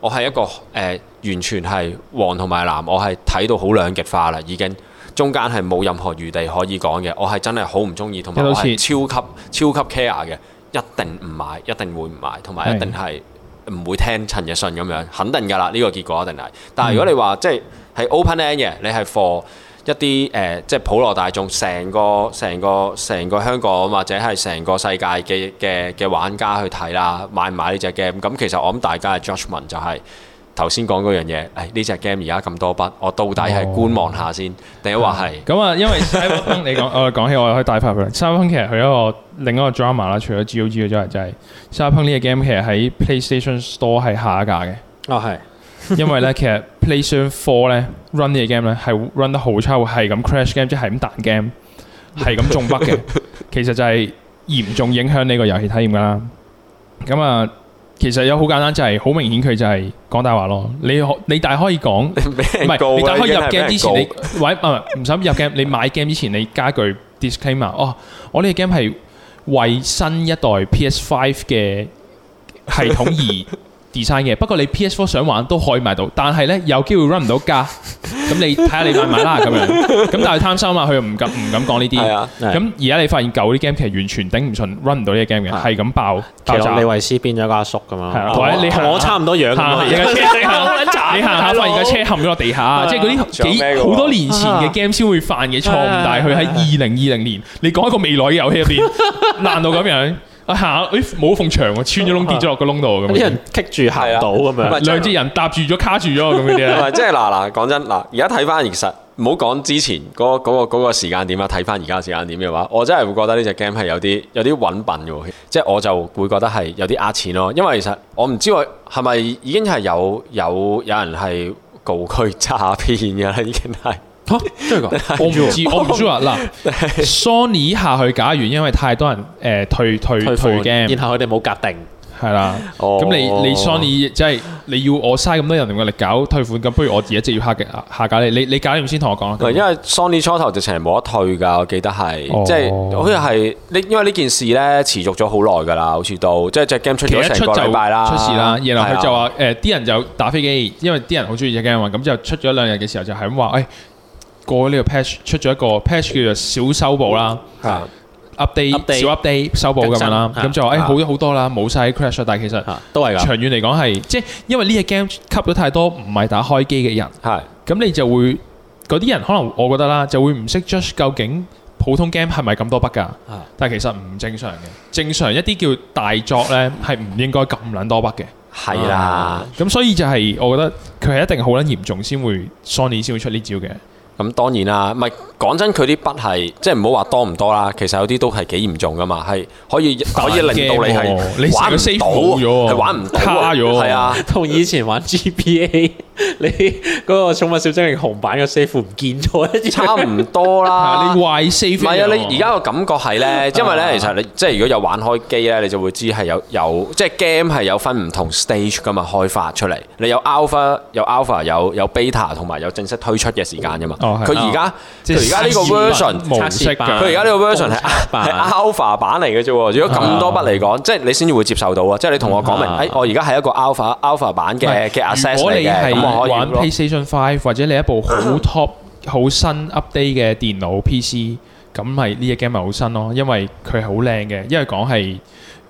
我係一個誒、呃、完全係黃同埋藍，我係睇到好兩極化啦，已經中間係冇任何餘地可以講嘅。我係真係好唔中意，同埋我係超級超級 care 嘅。一定唔買，一定會唔買，同埋一定係唔會聽陳奕迅咁樣，的肯定㗎啦，呢、這個結果一定係。但係如果你話、嗯、即係 open end 嘅，你係 for 一啲誒、呃、即係普羅大眾，成個成個成個香港或者係成個世界嘅嘅嘅玩家去睇啦，買唔買呢隻 game？咁其實我諗大家嘅 judgment 就係、是。頭先講嗰樣嘢，嚟呢隻 game 而家咁多筆，我到底係觀望下先，定話係？咁啊，因為 S *laughs* 你講、呃，我講起我又可以大發佢。沙轟 *laughs* 其實佢一個另一個 drama 啦，除咗 GOG 之外，就係沙轟呢隻 game 其實喺 PlayStation Store 係下架嘅。哦，係，因為咧 *laughs* 其實 PlayStation Four 咧 run 個呢隻 game 咧係 run 得好差，係咁 crash game，即係咁彈 game，係咁中筆嘅， *laughs* *laughs* 其實就係嚴重影響呢個遊戲體驗噶啦。咁啊。啊其實有好簡單，就係、是、好明顯佢就係講大話咯。你可你大可以講，唔係、啊、你大可以入 game 之前，你喂唔唔唔想入 game？你買 game 之前，你加句 disclaimer 哦，我呢個 game 係為新一代 PS Five 嘅系統而 design 嘅。 *laughs* 不過你 PS Four 想玩都可以買到，但係呢，有機會 run 唔到架。 *laughs* 咁你睇下你買唔買啦咁樣，咁但係貪心啊，佢又唔敢唔敢講呢啲。係啊，咁而家你發現舊啲 game 其實完全頂唔順，run 唔到呢個 game 嘅，係咁爆。其實李維斯變咗個阿叔噶嘛，同我我差唔多樣噶。你行下發現架車陷咗落地下，即係嗰啲幾好多年前嘅 game 先會犯嘅錯誤，但係佢喺二零二零年，你講一個未來嘅遊戲入邊，爛到咁樣？下，誒冇縫牆喎，穿咗窿跌咗落個窿度咁。啲、啊、樣人棘住行到咁樣，兩隻人搭住咗卡住咗咁嗰啲咧。唔係、啊，即係嗱嗱，講真嗱，而家睇翻其實，唔好講之前嗰、那、嗰個嗰、那個時間點啦，睇翻而家時間點嘅話，我真係會覺得呢隻 game 係有啲有啲搵笨嘅喎，即、就、係、是、我就會覺得係有啲呃錢咯，因為其實我唔知話係咪已經係有有有人係告佢詐騙嘅啦，已經係。啊、真係噶， *music* 我唔知我唔知啊！嗱 *music* ，Sony 下去，假如因為太多人誒退退退 game，款然後佢哋冇格定，係啦的，咁、oh. 你你 Sony 即係你要我嘥咁多人力搞退款，咁不如我而家即要下架下架咧？你你搞完先同我講啦。因為 Sony 初頭直情係冇得退噶，我記得係，即係、oh. 好似係，因為呢件事咧持續咗好耐噶啦，好似到即係隻 game 出咗成個禮拜啦，出，出事啦，然後佢就話誒啲人就打飛機，因為啲人好中意隻 game 嘛，咁就出咗兩日嘅時候就係咁話誒。哎過呢個 patch 出咗一個 patch 叫做小修補啦，update 小 update 修補咁樣啦，咁就話誒好咗好多啦，冇晒 crash，但係其實都係噶，長遠嚟講係即係因為呢隻 game 吸咗太多唔係打開機嘅人，係咁你就會嗰啲人可能我覺得啦，就會唔識 judge 究竟普通 game 係咪咁多筆噶，但係其實唔正常嘅，正常一啲叫大作咧係唔應該咁撚多筆嘅，係啦，咁所以就係我覺得佢係一定好撚嚴重先會 Sony 先會出呢招嘅。咁當然啦，唔係講真，佢啲筆係即係唔好話多唔多啦，其實有啲都係幾嚴重噶嘛，係可以可以令到你係玩個 save，係玩唔到，係啊，同以前玩 GPA，你嗰個寵物小精靈紅版嘅 save 唔見咗，差唔多啦，你壞 save 唔係啊！你而家個感覺係咧，因為咧，其實你即係如果有玩開機咧，你就會知係有有即係 game 係有分唔同 stage 噶嘛，開發出嚟，你有 alpha 有 alpha 有有 beta 同埋有正式推出嘅時間噶嘛。佢而家佢而家呢個 version，模式，佢而家呢個 version 係係 alpha 版嚟嘅啫。如果咁多筆嚟講，的即係你先至會接受到啊！即係你同我講明，的哎，我而家係一個 alpha alpha 版嘅嘅 access 嚟嘅。咁可以咯。如果你係玩 PlayStation Five 或者你一部好 top 好 *laughs* 新 update 嘅電腦 PC，咁係呢隻 game 咪好新咯，因為佢係好靚嘅，因為講係。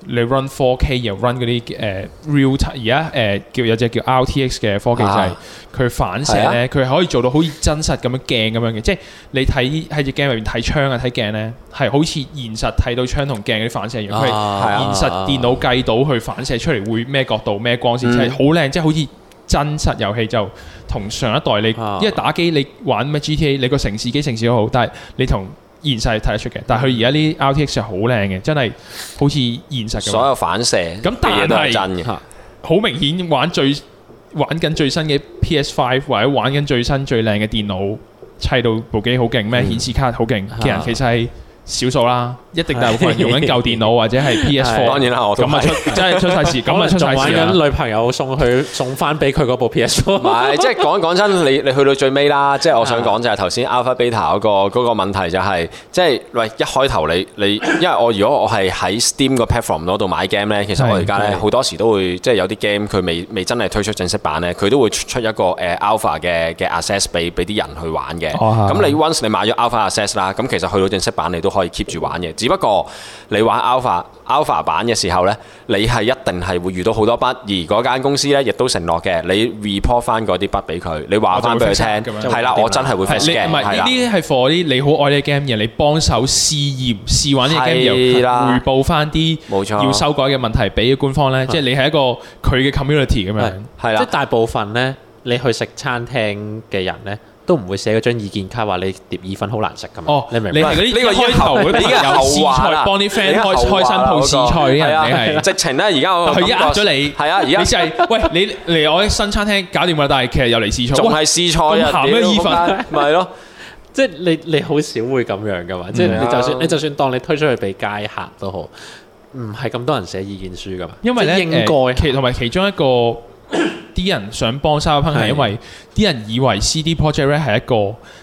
你 run 4K，又 run 嗰啲誒 real 而家誒叫有隻叫 RTX 嘅科技、啊、就係佢反射咧，佢、啊、可以做到好似真實咁樣鏡咁樣嘅，即係你睇喺隻鏡入面睇窗啊睇鏡咧，係好似現實睇到窗同鏡嗰啲反射樣。如果佢現實電腦計到去反射出嚟會咩角度咩光線，就係好靚，即係好似真實遊戲就同上一代你，因為打機你玩咩 GTA，你個城市幾城市都好，但係你同。現實係睇得出嘅，但係佢而家啲 RTX 係好靚嘅，真係好似現實咁，所有反射，咁但係好明顯玩最玩緊最新嘅 PS5 或者玩緊最新最靚嘅電腦，砌到部機好勁咩？顯示卡好勁嘅人，其實係。少數啦，一定係大部分人用緊舊電腦或者係 PS4。咁啊出，真係出曬事，咁啊出曬事。仲玩緊女朋友送去送翻俾佢部 PS4。唔係，即係講講真，你你去到最尾啦，即係我想講就係頭先 Alpha Beta 嗰個嗰個問題就係，即係喂一開頭你你，因為我如果我係喺 Steam 個 platform 度買 game 咧，其實我而家咧好多時都會即係有啲 game 佢未未真係推出正式版咧，佢都會出一個誒 Alpha 嘅嘅 Access 俾俾啲人去玩嘅。咁你 Once 你買咗 Alpha Access 啦，咁其實去到正式版你都可以 keep 住玩嘅，只不過你玩 Alpha Alpha 版嘅時候咧，你係一定係會遇到好多筆，而嗰間公司咧亦都承諾嘅，你 report 翻嗰啲筆俾佢，你話翻俾佢聽，係啦，我真係會復嘅。唔係呢啲係 for 啲你好愛呢個 game 嘅人，你幫手試驗試玩呢個 game，然後回報翻啲冇錯要修改嘅問題俾官方咧，即係你係一個佢嘅 community 咁樣係啦。即係大部分咧，你去食餐廳嘅人咧。都唔會寫嗰張意見卡話你碟意粉好難食㗎嘛？你明唔明？呢個開頭嗰啲人又試菜，幫啲 friend 開開新鋪試菜，直情咧，而家我佢壓咗你係啊！而家你先係，喂你嚟我新餐廳搞掂啦，但係其實又嚟試菜，仲係試菜啊！鹹咩意粉？咪咯，即係你你好少會咁樣㗎嘛？即係你就算你就算當你推出去俾街客都好，唔係咁多人寫意見書㗎嘛？因為咧，應該同埋其中一個。啲人想幫沙拉烹係因為啲人以為 CD Project 係一個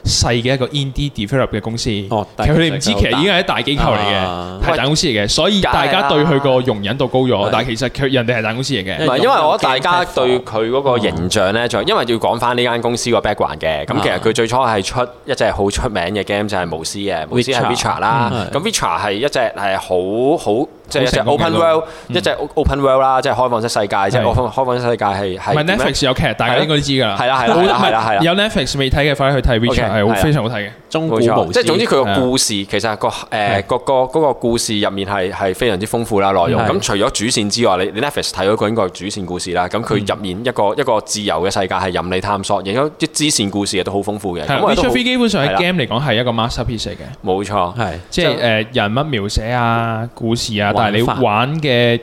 細嘅一個 indie developer 嘅公司，但佢哋唔知其實已經係一啲大機構嚟嘅，係大公司嚟嘅，所以大家對佢個容忍度高咗。但係其實佢人哋係大公司嚟嘅。唔係因為我覺得大家對佢嗰個形象咧，就因為要講翻呢間公司個 background 嘅。咁其實佢最初係出一隻好出名嘅 game 就係巫師嘅，巫師係 Vichar 啦。咁 Vichar 係一隻係好好即係一隻 open world，一隻 open world 啦，即係開放式世界，即係個開放式世界係喺。唔係 Netflix 有劇，大家應該都知㗎。係啦係啦係啦係啦，有 Netflix 未睇嘅快啲去睇。Witcher 係非常好睇嘅。中古無線，即係總之佢個故事其實個誒個個嗰個故事入面係係非常之豐富啦內容。咁除咗主線之外，你 Netflix 睇咗一個應該係主線故事啦，咁佢入面一個一個自由嘅世界係任你探索，亦都即係支線故事亦都好豐富嘅。係 Witcher 3基本上喺 game 嚟講係一個 masterpiece 嘅。冇錯係，即係誒人物描寫啊、故事啊，但係你玩嘅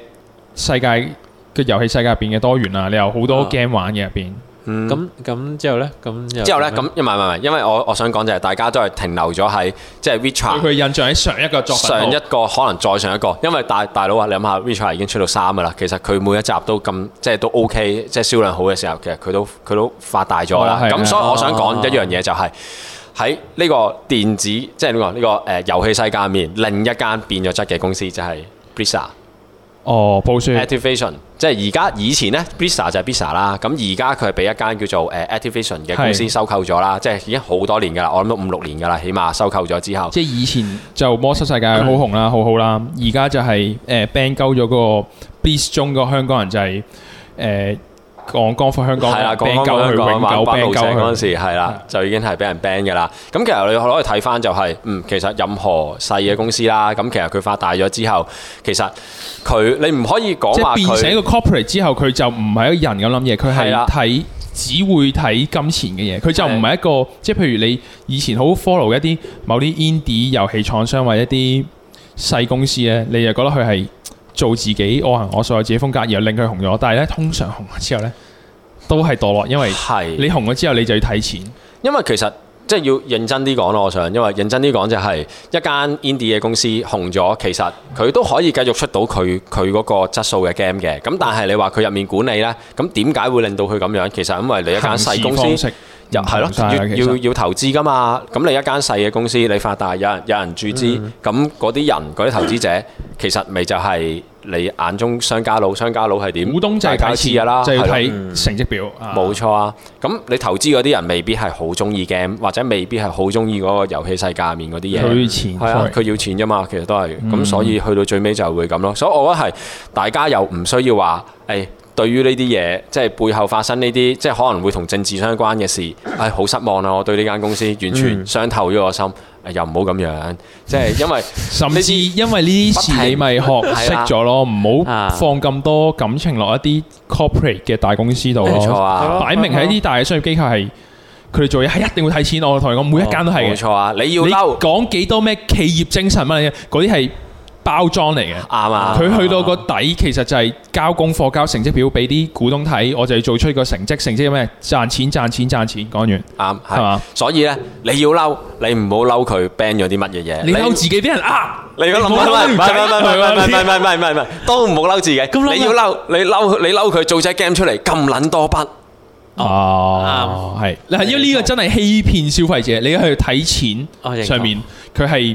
世界。嘅遊戲世界入邊嘅多元啊，你有好多 game 玩嘅入邊，咁咁、嗯嗯、之後呢？咁之後呢？咁因為我我想講就係大家都係停留咗喺即係《Witcher》。對佢印象喺上一個作品，上一個可能再上一個，因為大大佬啊，你諗下《Witcher》已經出到三㗎啦，其實佢每一集都咁即係都 OK，即係銷量好嘅時候，其實佢都佢都發大咗啦。咁所以我想講一樣嘢就係喺呢個電子即係呢、呢個呢、呢個誒、呃、遊戲世界入面，另一間變咗質嘅公司就係、是、Blizzard。哦，暴雪。Activision，即係而家以前呢 Blizzard 就係 Blizzard 啦。咁而家佢係畀一間叫做誒 Activision 嘅公司收購咗啦。是即係已經好多年噶啦，我諗都五六年噶啦，起碼收購咗之後。即係以前就《魔獸世界》好紅啦，好是好啦。而家就係誒 ban 鳩咗嗰個 Blitzchung 嗰香港人就係、是、誒。呃講講翻香港，係啦對，講翻香港，萬嗰陣時係啦、嗯，就已經係俾人 ban 嘅啦。咁其實你可以睇翻就係、是，嗯，其實任何細嘅公司啦，咁其實佢發大咗之後，其實佢你唔可以講，即係變成一個 corporate 之後，佢就唔係一個人咁諗嘢，佢係睇，了只會睇金錢嘅嘢，佢就唔係一個，的即係譬如你以前好 follow 一啲某啲 indie 遊戲廠商或者一啲細公司咧，你就覺得佢係。做自己，我行我素，有自己風格，然後令佢紅咗。但係咧，通常紅咗之後呢，都係墮落，因為你紅咗之後，你就要睇錢。因為其實即係要認真啲講咯，我想，因為認真啲講就係、是、一間 indie 嘅公司紅咗，其實佢都可以繼續出到佢佢嗰個質素嘅 game 嘅。咁但係你話佢入面管理呢，咁點解會令到佢咁樣？其實因為你一間細公司。又係咯，要要要投資噶嘛？咁你一間細嘅公司，你發達，有人有人注資，咁嗰啲人、嗰啲投資者，其實咪就係你眼中商家佬，商家佬係點？股東就係投資嘅啦，就係睇成績表。冇的、嗯、錯啊！咁你投資嗰啲人未必係好中意 game，或者未必係好中意嗰個遊戲世界入面嗰啲嘢。佢前要錢。係啊，佢要錢啫嘛，其實都係。咁、嗯、所以去到最尾就會咁咯。所以我覺得係大家又唔需要話誒。哎對於呢啲嘢，即係背後發生呢啲，即係可能會同政治相關嘅事，係好失望啊！我對呢間公司完全傷透咗我心。誒，又唔好咁樣，即係因為甚至因為呢啲事，你咪學識咗咯，唔好放咁多感情落一啲 corporate 嘅大公司度。冇錯啊，擺明係一啲大嘅商業機構係佢哋做嘢係一定會睇錢，我同你講，每一間都係。冇錯啊，你要嬲講幾多咩企業精神乜嘢嗰啲係？包裝嚟嘅，啱啊！佢去到個底，其實就係交功課、交成績表俾啲股東睇，我就要做出個成績。成績咩？賺錢、賺錢、賺錢。講完，啱係嘛？所以咧，你要嬲，你唔好嬲佢 ban 咗啲乜嘢嘢。你嬲自己啲人啊？你都諗下啦。唔係唔係唔係唔係唔係唔係，都唔好嬲自己。你要嬲，你嬲你嬲佢做隻 game 出嚟咁撚多筆。哦，係。你係，因為呢個真係欺騙消費者，你去睇錢上面，佢係。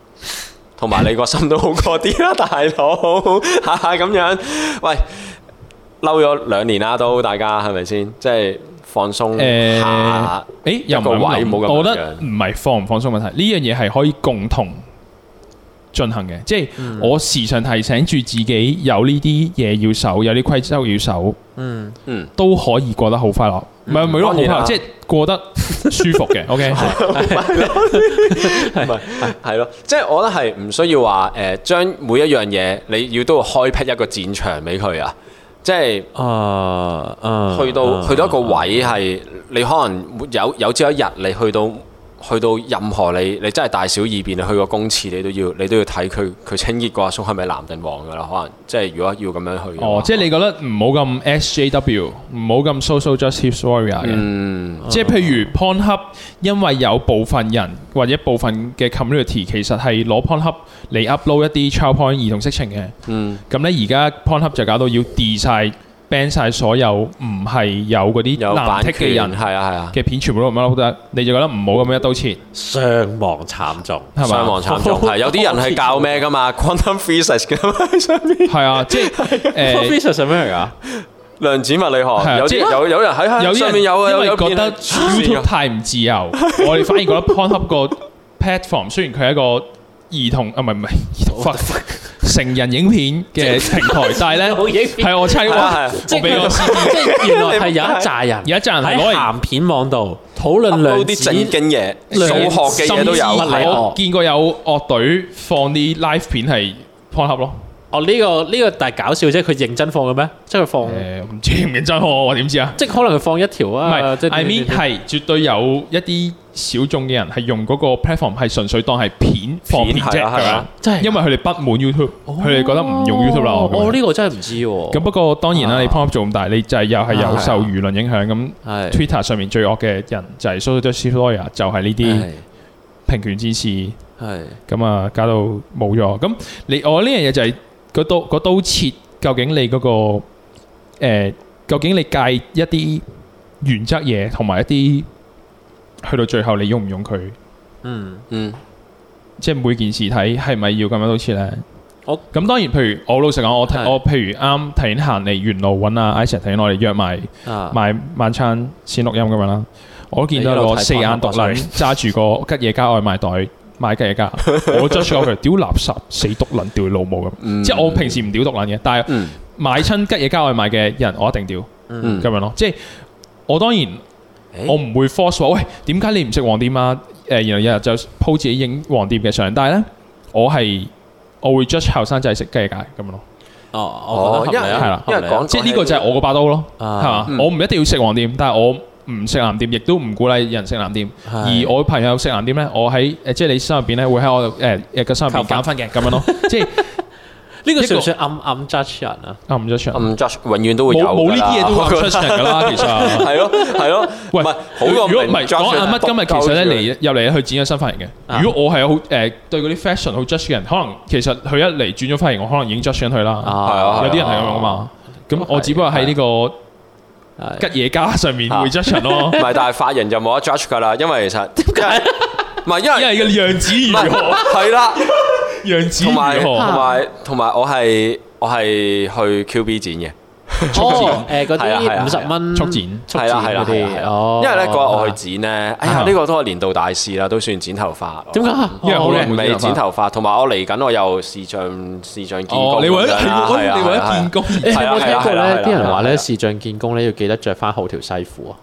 同埋 *laughs* 你個心都好過啲啦，啊，大佬哈哈咁樣。喂，嬲咗兩年啦都，大家係咪先？即係放鬆一下一。誒、欸，又冇我覺得唔係放唔放鬆問題，呢樣嘢係可以共同。進行嘅，即係我時常提醒住自己有呢啲嘢要守，有啲規則要守，嗯嗯，都可以過得好快樂，唔係咪咯？即係過得舒服嘅，OK，係係咯，即係我覺得係唔需要話誒，將每一樣嘢你要都要開闢一個戰場俾佢啊，即係啊啊，去到去到一個位係，你可能有有朝一日你去到。去到任何你，你真係大小二便去個公廁，你都要你都要睇佢、佢清潔過阿叔係咪藍定黃噶啦？可能即係如果要咁樣去。哦，即係你覺得唔好咁 SJW，唔好咁 social justice warrior 嘅。即係譬如 PornHub，因為有部分人或者部分嘅 community 其實係攞 PornHub 嚟 upload 一啲 child porn 兒童色情嘅。嗯，咁咧而家 PornHub 就搞到要 delete 曬。ban 晒所有唔係有嗰啲藍剔嘅人嘅片，全部都唔乜都得，你就覺得唔好咁樣一刀切，傷亡慘重，係咪？傷亡慘重係有啲人係教咩㗎嘛？Quantum physics 㗎嘛？上面係啊，即係誒 physics 係咩嚟㗎？量子物理學有有人喺喺上面有，因為覺得 YouTube 太唔自由，我哋反而覺得 Pornhub 個 platform 雖然佢係一個。兒童啊，唔係唔係兒童，發成人影片嘅平台，但係咧係我猜喎，我俾我試，即係原來係有一紮人，有一紮人喺鹹片網度討論兩啲正經嘢，數學嘅嘢都有，我見過有樂隊放啲 live 片係配合咯。哦，呢個呢個但係搞笑啫，佢認真放嘅咩？即係佢放誒唔認唔認真，我點知啊？即係可能佢放一條啊，I mean 係絕對有一啲。小眾嘅人係用嗰個 platform 係純粹當係片放片啫，係咪？真係因為佢哋不滿 YouTube，佢哋覺得唔用 YouTube 啦。我呢個真係唔知喎。咁不過當然啦，你 pop up 做咁大，你就係又係有受輿論影響咁。Twitter 上面最惡嘅人就係 social justice lawyer，就係呢啲平權之士，係咁啊，搞到冇咗。咁你我呢樣嘢就係個刀個刀切，究竟你嗰個誒，究竟你介一啲原則嘢同埋一啲？去到最後你用唔用佢、嗯？嗯嗯，即係每件事睇係咪要咁樣都似咧？好呢我咁當然，譬如我老實講，我是我譬如啱提前行嚟，原路揾阿 i s e 提前我哋約埋買,買晚餐先錄音咁樣啦。我見到個四眼獨撚揸住個吉野家外賣袋買吉野家， *laughs* 我捽住佢丟垃圾死獨撚掉老母咁。嗯、即係我平時唔屌獨撚嘅，但係買親吉野家外賣嘅人，我一定屌。嗯，咁、嗯、樣咯，即係我當然。我唔會 force 話喂，點解你唔食黃店啊？誒，然後日日就鋪自己影黃店嘅相，但係咧，我係我會 judge 後生仔食雞解咁樣咯。哦哦，因為係啦，因為講即係呢個就係我個把刀咯，係嘛？我唔一定要食黃店，但係我唔食藍店，亦都唔鼓勵人食藍店。而我朋友食藍店咧，我喺誒即係你心入邊咧，會喺我誒嘅心入邊扣減分嘅咁樣咯，即係。呢個算唔算暗暗 judge 人啊？暗 judge 人，永遠都會有冇呢啲嘢都 judge 人㗎啦，其實係咯係咯，喂，唔係好。如果唔係講阿乜今日其實呢，你入嚟去剪咗新髮型嘅。如果我係好誒對嗰啲 fashion 好 judge 嘅人，可能其實佢一嚟轉咗髮型，我可能已經 judge 緊佢啦。係啊，有啲人係咁樣嘛。咁我只不過喺呢個吉野家上面會 judge 咯，唔係，但係髮型就冇得 judge 㗎啦，因為其實點解唔係因為因為個樣子如何係啦。同埋同埋同埋，我係我係去 Q B 剪嘅，速剪誒嗰啲五十蚊速剪，係啦係啦，因為咧嗰日我去剪咧，哎呀呢個都係年度大事啦，都算剪頭髮。點解？因為好靚未剪頭髮。同埋我嚟緊，我又視像，視像見工啦。係你係啊係啊係啊！我聽過咧，啲人話咧視像見工咧，要記得着翻好條西褲啊。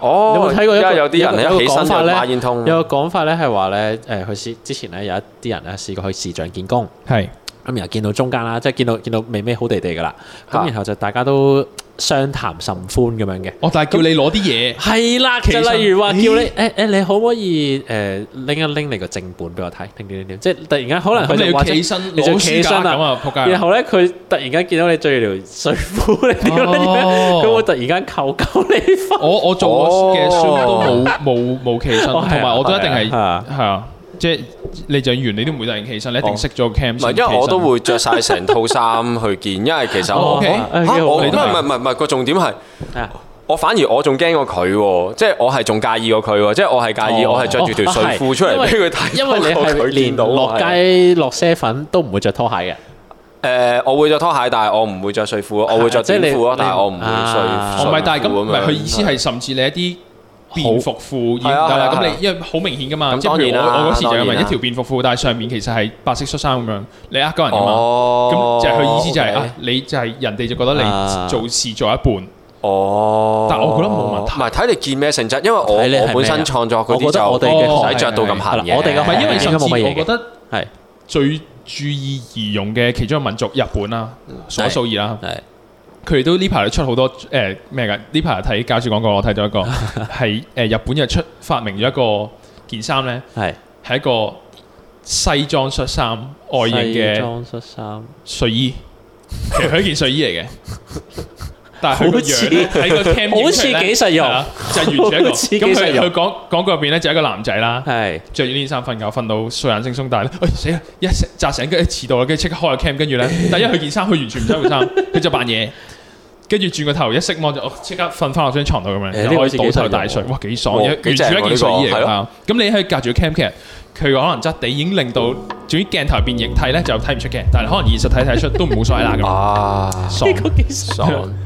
哦，有冇睇過一？而家有啲人有個講法咧、呃，有個講法咧係話咧，誒，佢試之前咧有一啲人咧試過去視像見工，係。咁然後見到中間啦，即係見到見到美美好地地噶啦，咁然後就大家都相談甚歡咁樣嘅。我就係叫你攞啲嘢係啦。其實例如話叫你，誒誒，你可唔可以誒拎一拎你個正本俾我睇？點點點，即係突然間可能佢哋起身攞書架咁啊，仆街！然後咧佢突然間見到你著條睡褲，點樣點樣，佢會突然間求救你。我我做嘅書都冇冇冇起身，同埋我都一定係係啊。即係你著完你都唔會突然起身，你一定識咗 cam 先起身。唔係，因為我都會著曬成套衫去見，因為其實我嚇我唔係唔係唔係個重點係，我反而我仲驚過佢喎，即係我係仲介意過佢喎，即係我係介意我係著住條睡褲出嚟俾佢睇，因為你係練落街落些粉都唔會著拖鞋嘅。誒，我會著拖鞋，但係我唔會著睡褲，我會著短褲咯。但係我唔會睡褲。唔係，但係咁唔係佢意思係，甚至你一啲。便服褲。係啦咁你，因為好明顯噶嘛，即係我我嗰次就係一條便服褲，但係上面其實係白色恤衫咁樣，你呃個人噶嘛，咁就係佢意思就係啊，你就係人哋就覺得你做事做一半，哦，但係我覺得冇問題，唔係睇你見咩性質，因為我本身創作我覺得嗰啲就唔使着到咁行嘢，唔係因為甚至我覺得係最注意儀容嘅其中一個民族，日本啦，數一數二啦，係。佢哋都呢排出好多誒咩嘅？呢排睇搞笑廣告，我睇咗一個係誒、呃、日本又出發明咗一個件衫咧，係係 *laughs* 一個西裝恤衫外型嘅西裝恤衫睡衣，其實佢一件睡衣嚟嘅，但係佢樣呢好似像幾實用，就係完全一個。咁佢佢講廣告入邊咧，就係、是、一個男仔啦，係著住呢件衫瞓覺，瞓到睡眼惺忪，但係咧，哎死啦，一扎醒跟遲到啦，跟住即刻開個 cam，跟住咧，第一佢件衫佢完全唔使換衫，佢就扮嘢。 *laughs* 跟住轉個頭一熄光、哦欸、就即刻瞓翻落張床度咁樣，又可以倒頭大睡，哇幾爽！完全一件睡衣嚟！咁你可以隔住 cam，佢可能質地已經令到，仲有、嗯、鏡頭變形咧就睇唔出嘅，但係可能現實睇睇出都唔好所謂啦咁啊，爽！